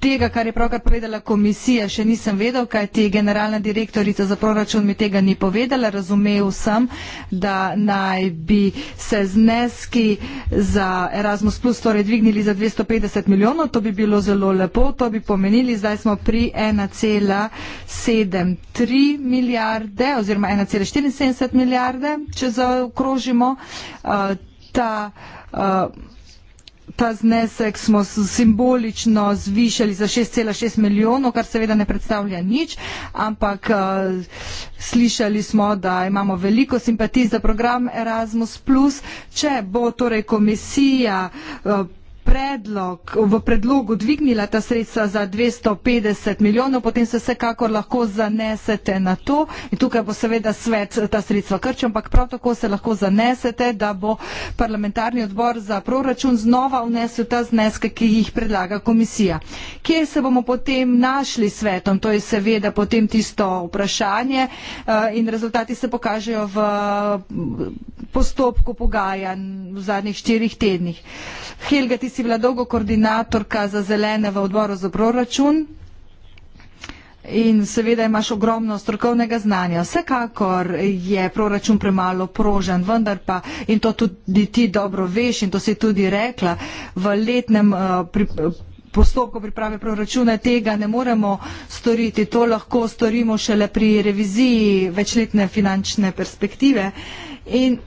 S3: Tega, kar je pravkar povedala komisija, še nisem vedel, kaj ti generalna direktorica za proračun mi tega ni povedala. Razumev sem, da naj bi se zneski za Erasmus Plus torej dvignili za 250 milijonov. To bi bilo zelo lepo. To bi pomenili, zdaj smo pri 1,73 milijarde oziroma 1,74 milijarde, če zaokrožimo. Uh, ta, uh, ta znesek smo simbolično zvišali za 6,6 milijonov, kar seveda ne predstavlja nič, ampak uh, slišali smo, da imamo veliko simpatij za program Erasmus. Če bo torej komisija uh, predlog, v predlogu dvignila ta sredstva za 250 milijonov, potem se vsekakor lahko zanesete na to in tukaj bo seveda svet ta sredstva krčil, ampak prav tako se lahko zanesete, da bo parlamentarni odbor za proračun znova vnesel ta zneske, ki jih predlaga komisija. Kje se bomo potem našli svetom? To je seveda potem tisto vprašanje eh, in rezultati se pokažejo v postopku pogajanj v zadnjih štirih tednih. Helga, ti si bila dolgo koordinatorka za zelene v odboru za proračun in seveda imaš ogromno strokovnega znanja. Vsekakor je proračun premalo prožen, vendar pa, in to tudi ti dobro veš in to si tudi rekla, v letnem uh, pri, postopku priprave proračuna tega ne moremo storiti. To lahko storimo šele pri reviziji večletne finančne perspektive. In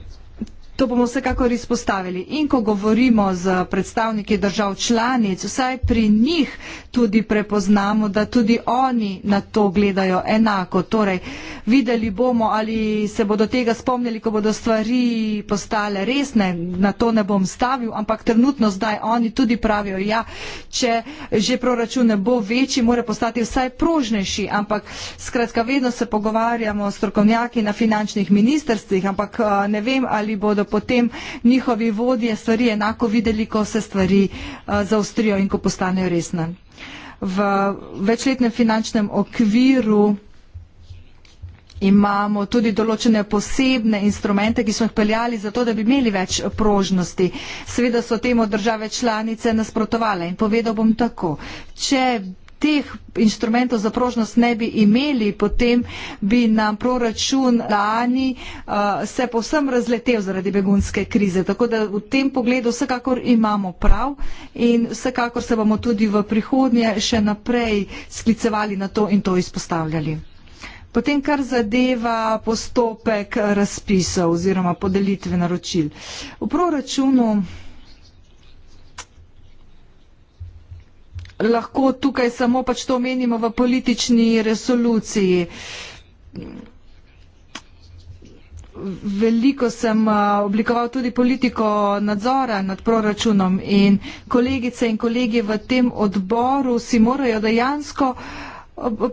S3: To bomo vsekakor izpostavili. In ko govorimo z predstavniki držav članic, vsaj pri njih tudi prepoznamo, da tudi oni na to gledajo enako. Torej, videli bomo, ali se bodo tega spomnili, ko bodo stvari postale resne. Na to ne bom stavil, ampak trenutno zdaj oni tudi pravijo, ja, če že proračun ne bo večji, mora postati vsaj prožnejši. Ampak skratka, vedno se pogovarjamo s strokovnjaki na finančnih ministrstvih, ampak eh, ne vem, ali bodo potem njihovi vodje stvari enako videli, ko se stvari eh, zaustrijo in ko postanejo resne. V večletnem finančnem okviru imamo tudi določene posebne instrumente, ki smo jih peljali zato, da bi imeli več prožnosti. Seveda so temu države članice nasprotovale in povedal bom tako. Če teh inštrumentov za prožnost ne bi imeli, potem bi nam proračun lani uh, se povsem razletel zaradi begunske krize. Tako da v tem pogledu vsekakor imamo prav in vsekakor se bomo tudi v prihodnje še naprej sklicevali na to in to izpostavljali. Potem, kar zadeva postopek razpisa oziroma podelitve naročil. V proračunu lahko tukaj samo pač to omenimo v politični resoluciji. Veliko sem oblikoval tudi politiko nadzora nad proračunom in kolegice in kolegi v tem odboru si morajo dejansko uh,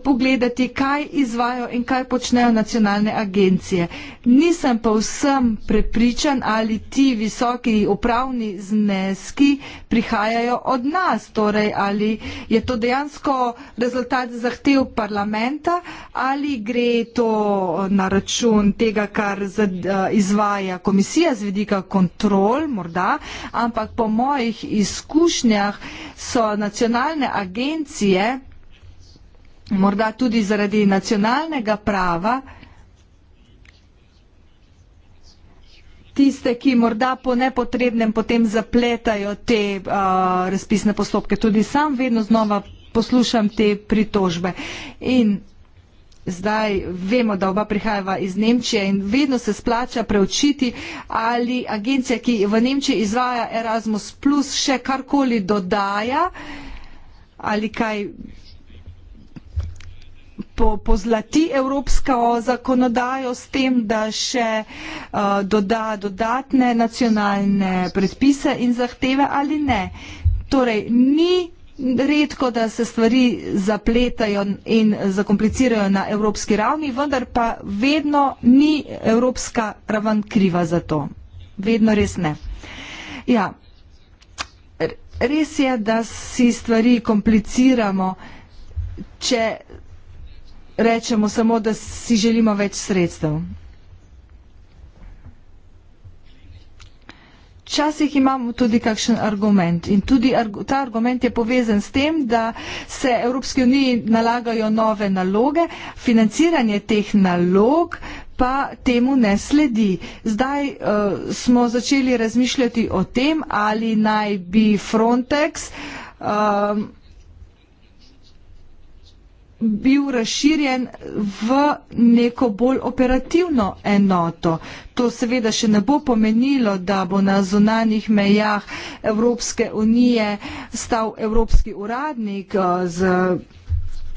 S3: pogledati, kaj izvajo in kaj počnejo nacionalne agencije. Nisem pa vsem prepričan, ali ti visoki upravni zneski prihajajo od nas, torej ali je to dejansko rezultat zahtev parlamenta ali gre to na račun tega, kar eh, izvaja komisija z vidika kontrol, morda, ampak po mojih izkušnjah so nacionalne agencije morda tudi zaradi nacionalnega prava, tiste, ki morda po nepotrebnem potem zapletajo te uh, razpisne postopke. Tudi sam vedno znova poslušam te pritožbe. In zdaj vemo, da oba prihajava iz Nemčije in vedno se splača preučiti, ali agencija, ki v Nemčiji izvaja Erasmus, še karkoli dodaja ali kaj pozlati po evropsko zakonodajo s tem, da še uh, doda dodatne nacionalne predpise in zahteve ali ne. Torej, ni redko, da se stvari zapletajo in zakomplicirajo na evropski ravni, vendar pa vedno ni evropska raven kriva za to. Vedno res ne. Ja, res je, da si stvari kompliciramo, če rečemo samo, da si želimo več sredstev. Včasih imamo tudi kakšen argument in tudi ta argument je povezan s tem, da se Evropski uniji nalagajo nove naloge, financiranje teh nalog pa temu ne sledi. Zdaj uh, smo začeli razmišljati o tem, ali naj bi Frontex. Uh, bil razširjen v neko bolj operativno enoto. To seveda še ne bo pomenilo, da bo na zunanjih mejah Evropske unije stal evropski uradnik eh, z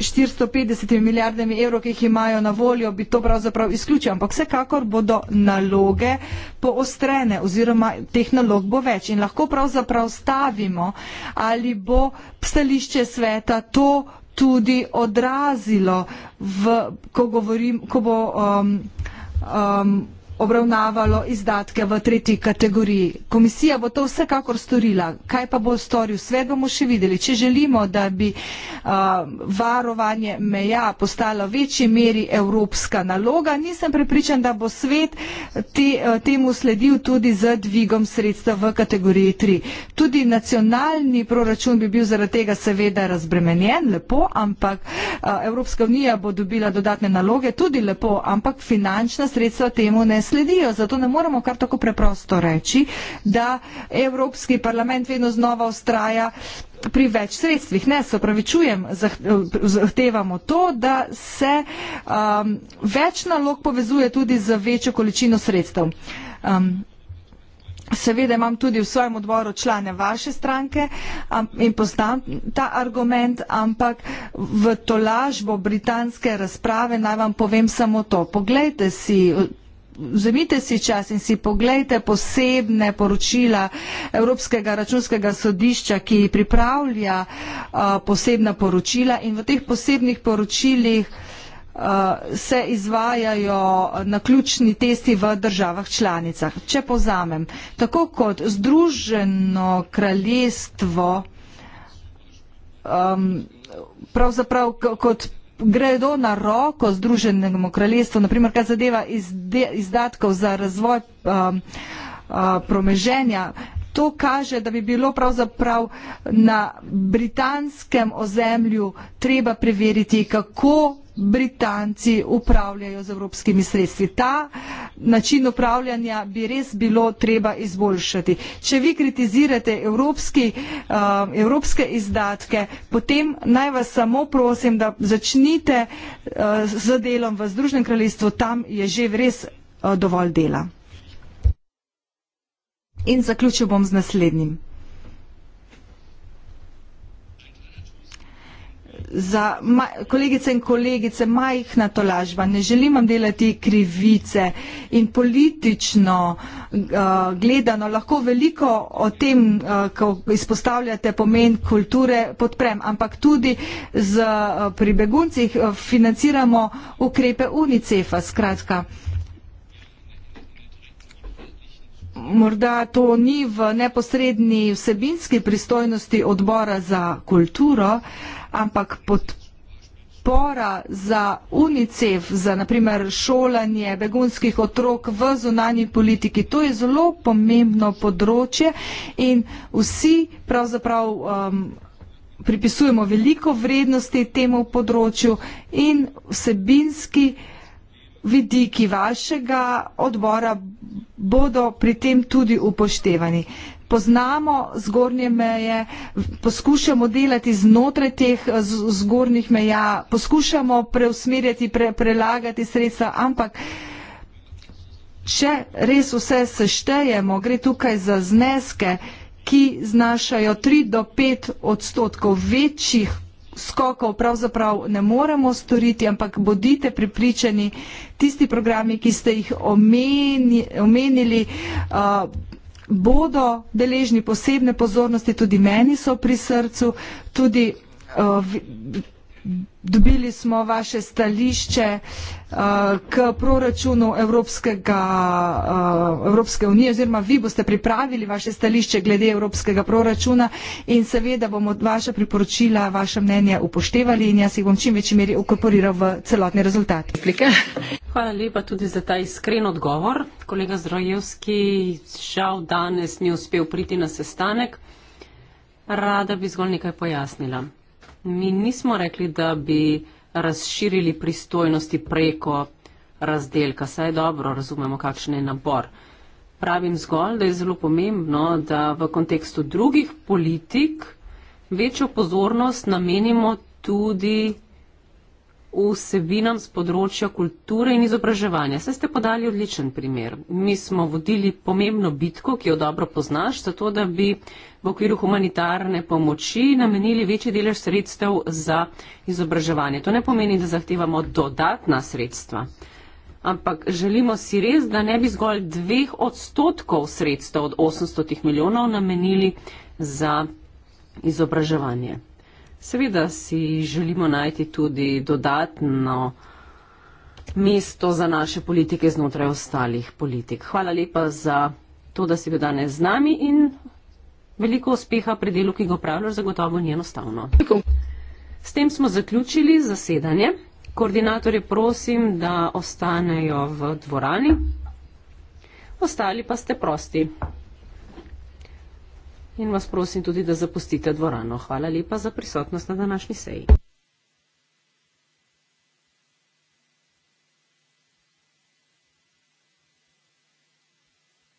S3: 450 milijardami evrov, ki jih imajo na voljo, bi to pravzaprav izključil, ampak vsekakor bodo naloge poostrene oziroma teh nalog bo več in lahko pravzaprav stavimo, ali bo stališče sveta to tudi odrazilo, v, ko, govorim, ko bo um, um, obravnavalo izdatke v tretji kategoriji. Komisija bo to vsekakor storila. Kaj pa bo storil svet, bomo še videli. Če želimo, da bi uh, varovanje meja postalo v večji meri evropska naloga, nisem prepričan, da bo svet te, uh, temu sledil tudi z dvigom sredstva v kategoriji 3. Tudi nacionalni proračun bi bil zaradi tega seveda razbremenjen, lepo, ampak uh, Evropska unija bo dobila dodatne naloge, tudi lepo, ampak finančna sredstva temu ne sledijo. Zato ne moremo kar tako preprosto reči, da Evropski parlament vedno znova ustraja pri več sredstvih. Ne, se opravičujem, zahtevamo to, da se um, več nalog povezuje tudi z večjo količino sredstev. Um, Seveda imam tudi v svojem odboru člane vaše stranke in poznam ta argument, ampak v tolažbo britanske razprave naj vam povem samo to. Poglejte si vzemite si čas in si pogledajte posebne poročila Evropskega računskega sodišča, ki pripravlja uh, posebna poročila in v teh posebnih poročilih uh, se izvajajo naključni testi v državah članicah. Če povzamem, tako kot Združeno kraljestvo um, pravzaprav kot gredo na roko Združenemu kraljestvu, naprimer, kaj zadeva izdatkov za razvoj um, uh, promeženja, To kaže, da bi bilo pravzaprav na britanskem ozemlju treba preveriti, kako Britanci upravljajo z evropskimi sredstvi. Ta način upravljanja bi res bilo treba izboljšati. Če vi kritizirate evropski, eh, evropske izdatke, potem naj vas samo prosim, da začnite eh, z delom v Združenem kraljestvu, tam je že res eh, dovolj dela. In zaključil bom z naslednjim. Za kolegice in kolegice, majhna tolažba, ne želim vam delati krivice in politično uh, gledano lahko veliko o tem, uh, ko izpostavljate pomen kulture, podprem, ampak tudi z, uh, pri beguncih uh, financiramo ukrepe UNICEF-a. Skratka, uh, morda to ni v neposredni vsebinski pristojnosti odbora za kulturo, ampak podpora za UNICEF, za naprimer šolanje begunskih otrok v zunanji politiki, to je zelo pomembno področje in vsi pravzaprav um, pripisujemo veliko vrednosti temu področju in vsebinski pristojnosti vidiki vašega odbora bodo pri tem tudi upoštevani. Poznamo zgornje meje, poskušamo delati znotraj teh zgornjih meja, poskušamo preusmerjati, pre, prelagati sredstva, ampak če res vse seštejemo, gre tukaj za zneske, ki znašajo 3 do 5 odstotkov večjih skokov pravzaprav ne moremo storiti, ampak bodite pripričani, tisti programi, ki ste jih omeni, omenili, uh, bodo deležni posebne pozornosti, tudi meni so pri srcu, tudi uh, dobili smo vaše stališče uh, k proračunu Evropskega, uh, Evropske unije oziroma vi boste pripravili vaše stališče glede Evropskega proračuna in seveda bomo vaša priporočila, vaše mnenje upoštevali in jaz jih bom čim večji meri ukoporiral v celotni rezultat.
S1: Hvala lepa tudi za ta iskren odgovor. Kolega Zdrojevski žal danes ni uspel priti na sestanek. Rada bi zgolj nekaj pojasnila. Mi nismo rekli, da bi razširili pristojnosti preko razdelka, saj dobro razumemo, kakšen je nabor. Pravim zgolj, da je zelo pomembno, da v kontekstu drugih politik večjo pozornost namenimo tudi vsebinam z področja kulture in izobraževanja. Saj ste podali odličen primer. Mi smo vodili pomembno bitko, ki jo dobro poznaš, zato da bi v okviru humanitarne pomoči namenili večji delež sredstev za izobraževanje. To ne pomeni, da zahtevamo dodatna sredstva. Ampak želimo si res, da ne bi zgolj dveh odstotkov sredstev od 800 milijonov namenili za izobraževanje. Seveda si želimo najti tudi dodatno mesto za naše politike znotraj ostalih politik. Hvala lepa za to, da si bil danes z nami in veliko uspeha pri delu, ki ga upravljaš, zagotovo ni enostavno. S tem smo zaključili zasedanje. Koordinatorje prosim, da ostanejo v dvorani. Ostali pa ste prosti in vas prosim tudi, da zapustite dvorano. Hvala lepa za prisotnost na današnji seji.